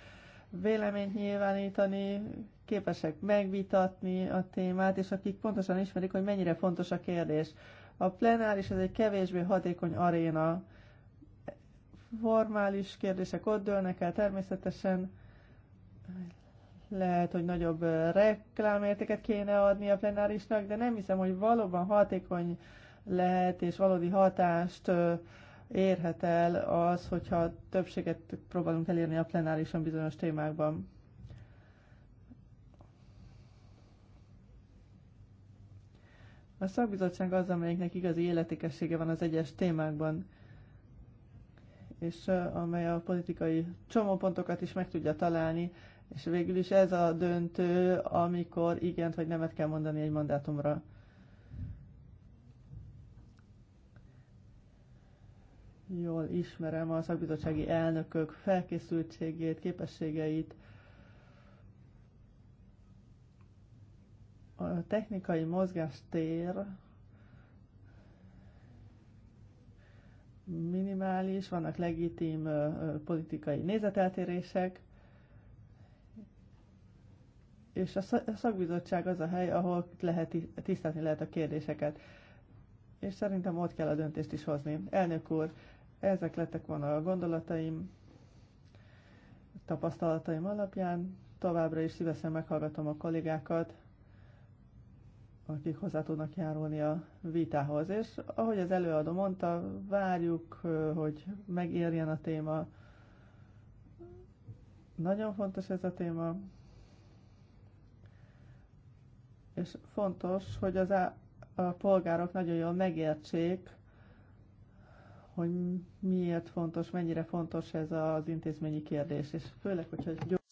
véleményt nyilvánítani, képesek megvitatni a témát, és akik pontosan ismerik, hogy mennyire fontos a kérdés. A plenáris ez egy kevésbé hatékony aréna. Formális kérdések ott dőlnek el természetesen, lehet, hogy nagyobb reklámértéket kéne adni a plenárisnak, de nem hiszem, hogy valóban hatékony lehet és valódi hatást érhet el az, hogyha többséget próbálunk elérni a plenárison bizonyos témákban. A szakbizottság az, amelyiknek igazi életékessége van az egyes témákban, és amely a politikai csomópontokat is meg tudja találni, és végül is ez a döntő, amikor igent vagy nemet kell mondani egy mandátumra. jól ismerem a szakbizottsági elnökök felkészültségét, képességeit. A technikai mozgástér minimális, vannak legitim politikai nézeteltérések, és a szakbizottság az a hely, ahol lehet tisztázni lehet a kérdéseket és szerintem ott kell a döntést is hozni. Elnök úr, ezek lettek volna a gondolataim, tapasztalataim alapján. Továbbra is szívesen meghallgatom a kollégákat, akik hozzá tudnak járulni a vitához. És ahogy az előadó mondta, várjuk, hogy megérjen a téma. Nagyon fontos ez a téma. És fontos, hogy az a polgárok nagyon jól megértsék, hogy miért fontos, mennyire fontos ez az intézményi kérdés, és főleg, hogyha gyors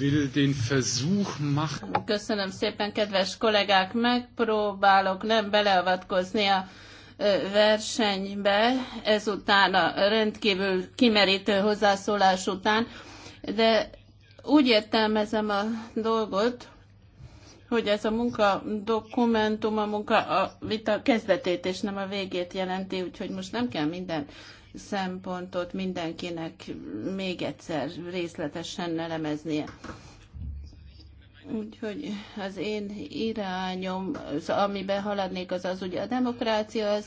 Will den Versuch machen. Köszönöm szépen, kedves kollégák, megpróbálok nem beleavatkozni a versenybe, ezután a rendkívül kimerítő hozzászólás után, de úgy értelmezem a dolgot, hogy ez a munka dokumentum a munka a vita kezdetét és nem a végét jelenti, úgyhogy most nem kell minden szempontot mindenkinek még egyszer részletesen elemeznie. Úgyhogy az én irányom, az, amiben haladnék, az az, ugye a demokrácia az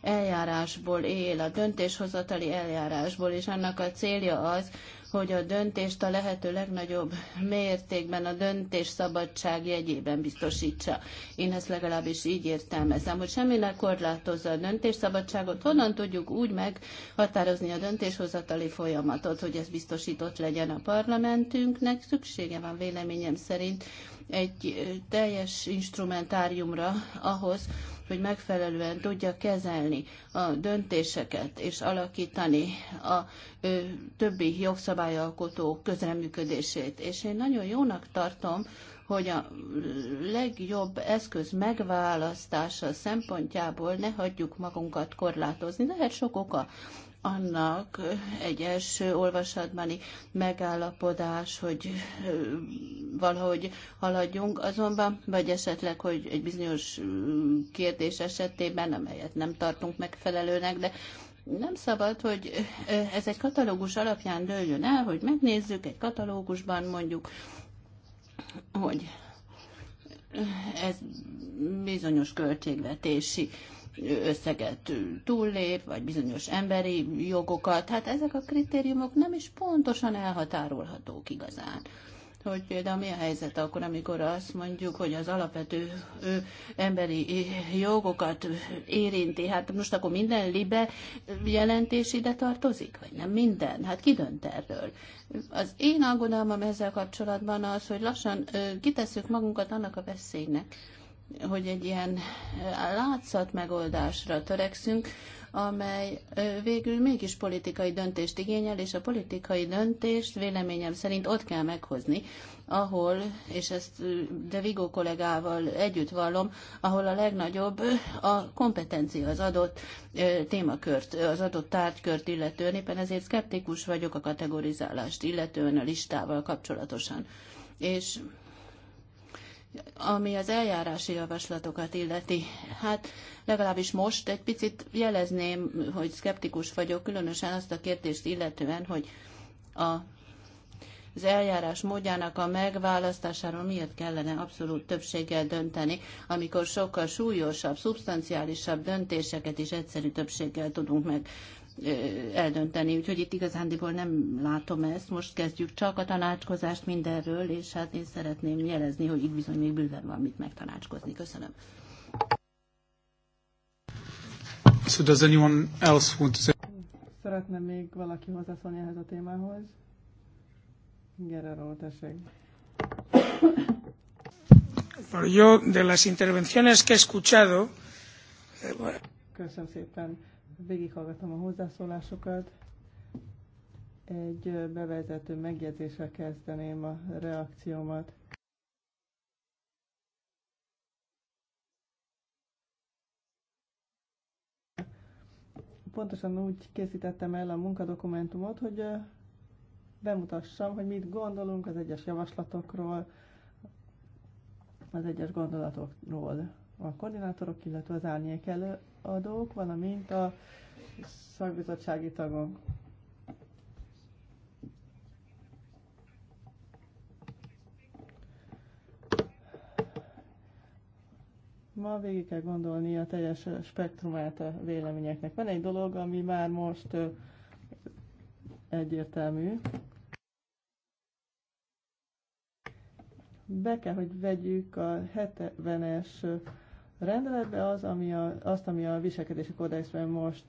eljárásból él, a döntéshozatali eljárásból, és annak a célja az, hogy a döntést a lehető legnagyobb mértékben a döntés szabadság jegyében biztosítsa. Én ezt legalábbis így értelmezem, hogy semminek korlátozza a döntés szabadságot. Honnan tudjuk úgy meghatározni a döntéshozatali folyamatot, hogy ez biztosított legyen a parlamentünknek? Szüksége van véleményem szerint egy teljes instrumentáriumra ahhoz, hogy megfelelően tudja kezelni a döntéseket és alakítani a ö, többi jogszabályalkotó közreműködését. És én nagyon jónak tartom, hogy a legjobb eszköz megválasztása szempontjából ne hagyjuk magunkat korlátozni. Lehet sok oka annak egy első olvasatbani megállapodás, hogy valahogy haladjunk azonban, vagy esetleg, hogy egy bizonyos kérdés esetében, amelyet nem tartunk megfelelőnek, de nem szabad, hogy ez egy katalógus alapján dőljön el, hogy megnézzük egy katalógusban mondjuk, hogy ez bizonyos költségvetési összeget túllép, vagy bizonyos emberi jogokat. Hát ezek a kritériumok nem is pontosan elhatárolhatók igazán hogy például mi a helyzet akkor, amikor azt mondjuk, hogy az alapvető emberi jogokat érinti. Hát most akkor minden libe jelentés ide tartozik, vagy nem minden? Hát ki dönt erről? Az én aggodalmam ezzel kapcsolatban az, hogy lassan kitesszük magunkat annak a veszélynek, hogy egy ilyen eh, látszat megoldásra törekszünk, amely eh, végül mégis politikai döntést igényel, és a politikai döntést véleményem szerint ott kell meghozni, ahol, és ezt eh, De Vigo kollégával együtt vallom, ahol a legnagyobb a kompetencia az adott témakört, az adott tárgykört illetően. Éppen ezért szkeptikus vagyok a kategorizálást illetően a listával kapcsolatosan. És ami az eljárási javaslatokat illeti. Hát legalábbis most egy picit jelezném, hogy szkeptikus vagyok, különösen azt a kérdést illetően, hogy a az eljárás módjának a megválasztásáról miért kellene abszolút többséggel dönteni, amikor sokkal súlyosabb, szubstanciálisabb döntéseket is egyszerű többséggel tudunk meg eldönteni. Úgyhogy itt igazándiból nem látom ezt. Most kezdjük csak a tanácskozást mindenről, és hát én szeretném jelezni, hogy itt bizony még bőven van mit megtanácskozni. Köszönöm. So does anyone else want to say? Szeretne még valaki hozzászólni ehhez a témához? Guerrero, tessék. Yo, de las intervenciones que he escuchado... Eh, Köszönöm szépen végighallgatom a hozzászólásokat. Egy bevezető megjegyzésre kezdeném a reakciómat. Pontosan úgy készítettem el a munkadokumentumot, hogy bemutassam, hogy mit gondolunk az egyes javaslatokról, az egyes gondolatokról a koordinátorok, illetve az árnyék elő, adók, valamint a szakbizottsági tagok. Ma végig kell gondolni a teljes spektrumát a véleményeknek. Van egy dolog, ami már most egyértelmű. Be kell, hogy vegyük a 70-es rendeletbe az, ami a, azt, ami a viselkedési kódexben most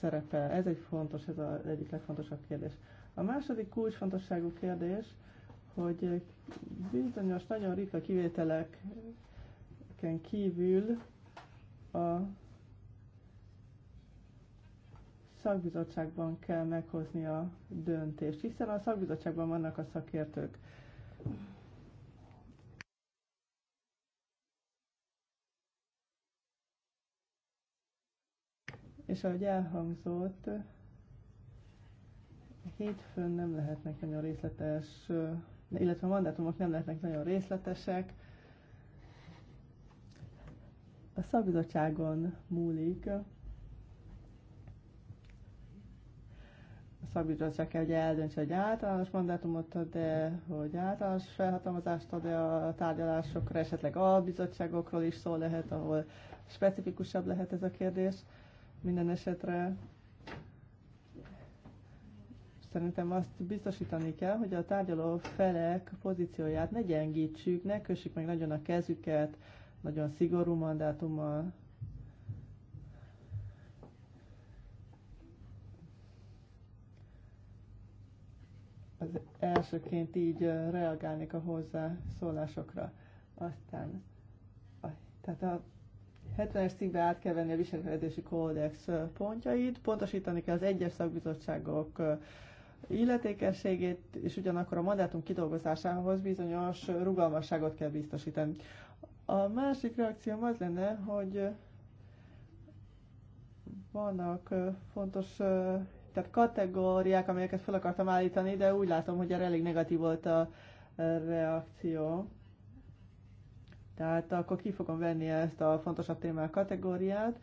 szerepel. Ez egy fontos, ez az egyik legfontosabb kérdés. A második kulcsfontosságú kérdés, hogy bizonyos nagyon ritka kivételeken kívül a szakbizottságban kell meghozni a döntést, hiszen a szakbizottságban vannak a szakértők. és ahogy elhangzott, hétfőn nem lehetnek nagyon részletes, illetve a mandátumok nem lehetnek nagyon részletesek. A szakbizottságon múlik, a szakbizottság kell, hogy eldöntse, hogy általános mandátumot ad hogy általános felhatalmazást ad-e a tárgyalásokra, esetleg bizottságokról is szó lehet, ahol specifikusabb lehet ez a kérdés. Minden esetre szerintem azt biztosítani kell, hogy a tárgyaló felek pozícióját ne gyengítsük, ne kössük meg nagyon a kezüket, nagyon szigorú mandátummal. Az elsőként így reagálnék a hozzászólásokra. Aztán, tehát a 70-es cikkbe át kell venni a viselkedési kódex pontjait, pontosítani kell az egyes szakbizottságok illetékességét, és ugyanakkor a mandátum kidolgozásához bizonyos rugalmasságot kell biztosítani. A másik reakcióm az lenne, hogy vannak fontos tehát kategóriák, amelyeket fel akartam állítani, de úgy látom, hogy erre elég negatív volt a reakció. Tehát akkor ki fogom venni ezt a fontosabb témák kategóriát,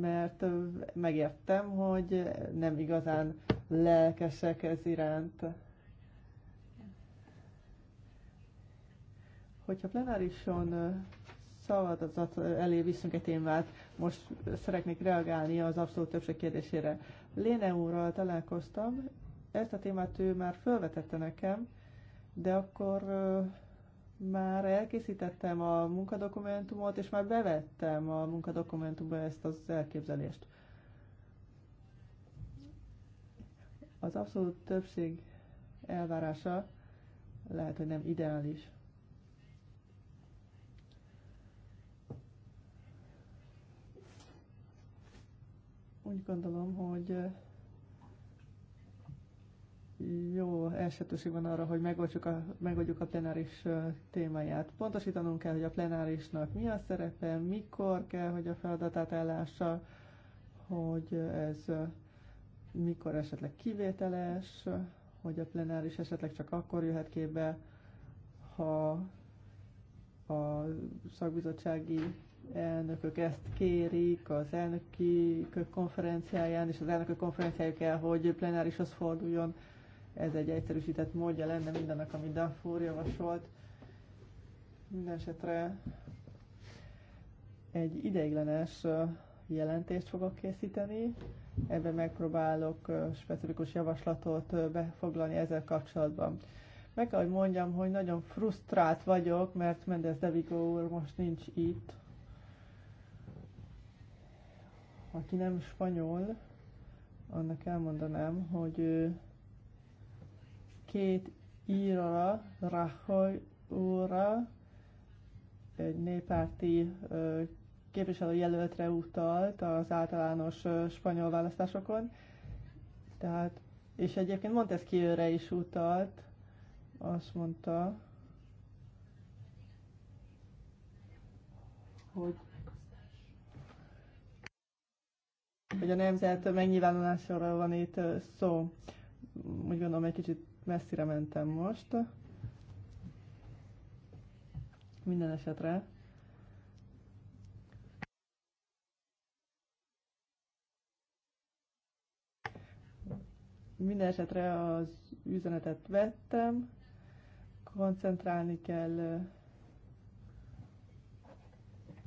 mert megértem, hogy nem igazán lelkesek ez iránt. Hogyha plenárison szavazat elé viszünk egy témát, most szeretnék reagálni az abszolút többség kérdésére. Léne úrral találkoztam, ezt a témát ő már felvetette nekem, de akkor már elkészítettem a munkadokumentumot, és már bevettem a munkadokumentumba ezt az elképzelést. Az abszolút többség elvárása lehet, hogy nem ideális. Úgy gondolom, hogy jó esetőség van arra, hogy megoldjuk a, megoldjuk a plenáris témáját. Pontosítanunk kell, hogy a plenárisnak mi a szerepe, mikor kell, hogy a feladatát ellássa, hogy ez mikor esetleg kivételes, hogy a plenáris esetleg csak akkor jöhet képbe, ha a szakbizottsági elnökök ezt kérik az elnöki konferenciáján, és az elnökök konferenciájuk el, hogy plenárishoz forduljon ez egy egyszerűsített módja lenne mindennek, amit Dafur javasolt. Mindenesetre egy ideiglenes jelentést fogok készíteni. Ebben megpróbálok specifikus javaslatot befoglalni ezzel kapcsolatban. Meg kell, hogy mondjam, hogy nagyon frusztrált vagyok, mert Mendez Devigo úr most nincs itt. Aki nem spanyol, annak elmondanám, hogy ő két íróra, Rahoy úrra, egy néppárti képviselőjelöltre utalt az általános spanyol választásokon. Tehát, és egyébként Montesquieu-re is utalt, azt mondta, hogy hogy a nemzet megnyilvánulásáról van itt szó. Úgy gondolom, egy kicsit messzire mentem most. Minden esetre minden esetre az üzenetet vettem, koncentrálni kell eh,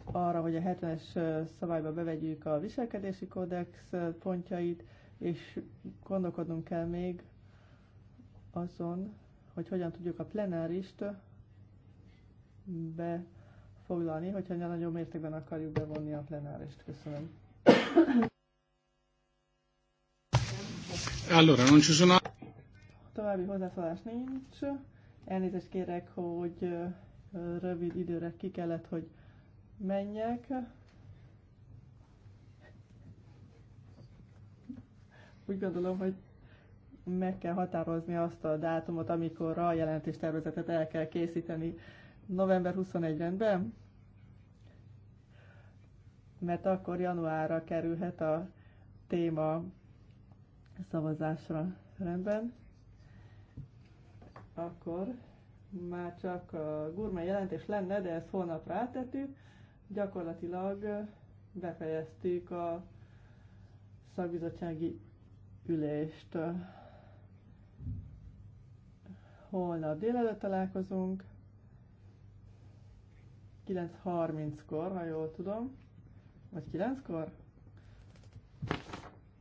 arra, hogy a 70-es eh, szabályba bevegyük a viselkedési kódex eh, pontjait, és gondolkodnunk kell még azon, hogy hogyan tudjuk a plenárist befoglalni, hogyha nagyon mértékben akarjuk bevonni a plenárist. Köszönöm. Allora, non ci sono... További hozzászólás nincs. Elnézést kérek, hogy rövid időre ki kellett, hogy menjek. Úgy gondolom, hogy meg kell határozni azt a dátumot, amikor a jelentéstervezetet el kell készíteni. November 21 rendben? Mert akkor januárra kerülhet a téma szavazásra. Rendben? Akkor már csak a gurma jelentés lenne, de ezt holnapra áttettük. Gyakorlatilag befejeztük a szakbizottsági ülést. Holnap délelőtt találkozunk, 9.30-kor, ha jól tudom, vagy 9-kor?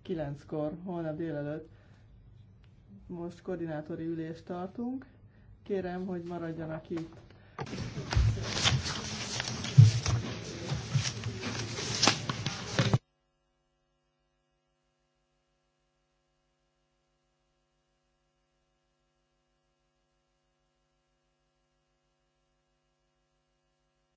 9-kor, holnap délelőtt. Most koordinátori ülést tartunk. Kérem, hogy maradjanak itt.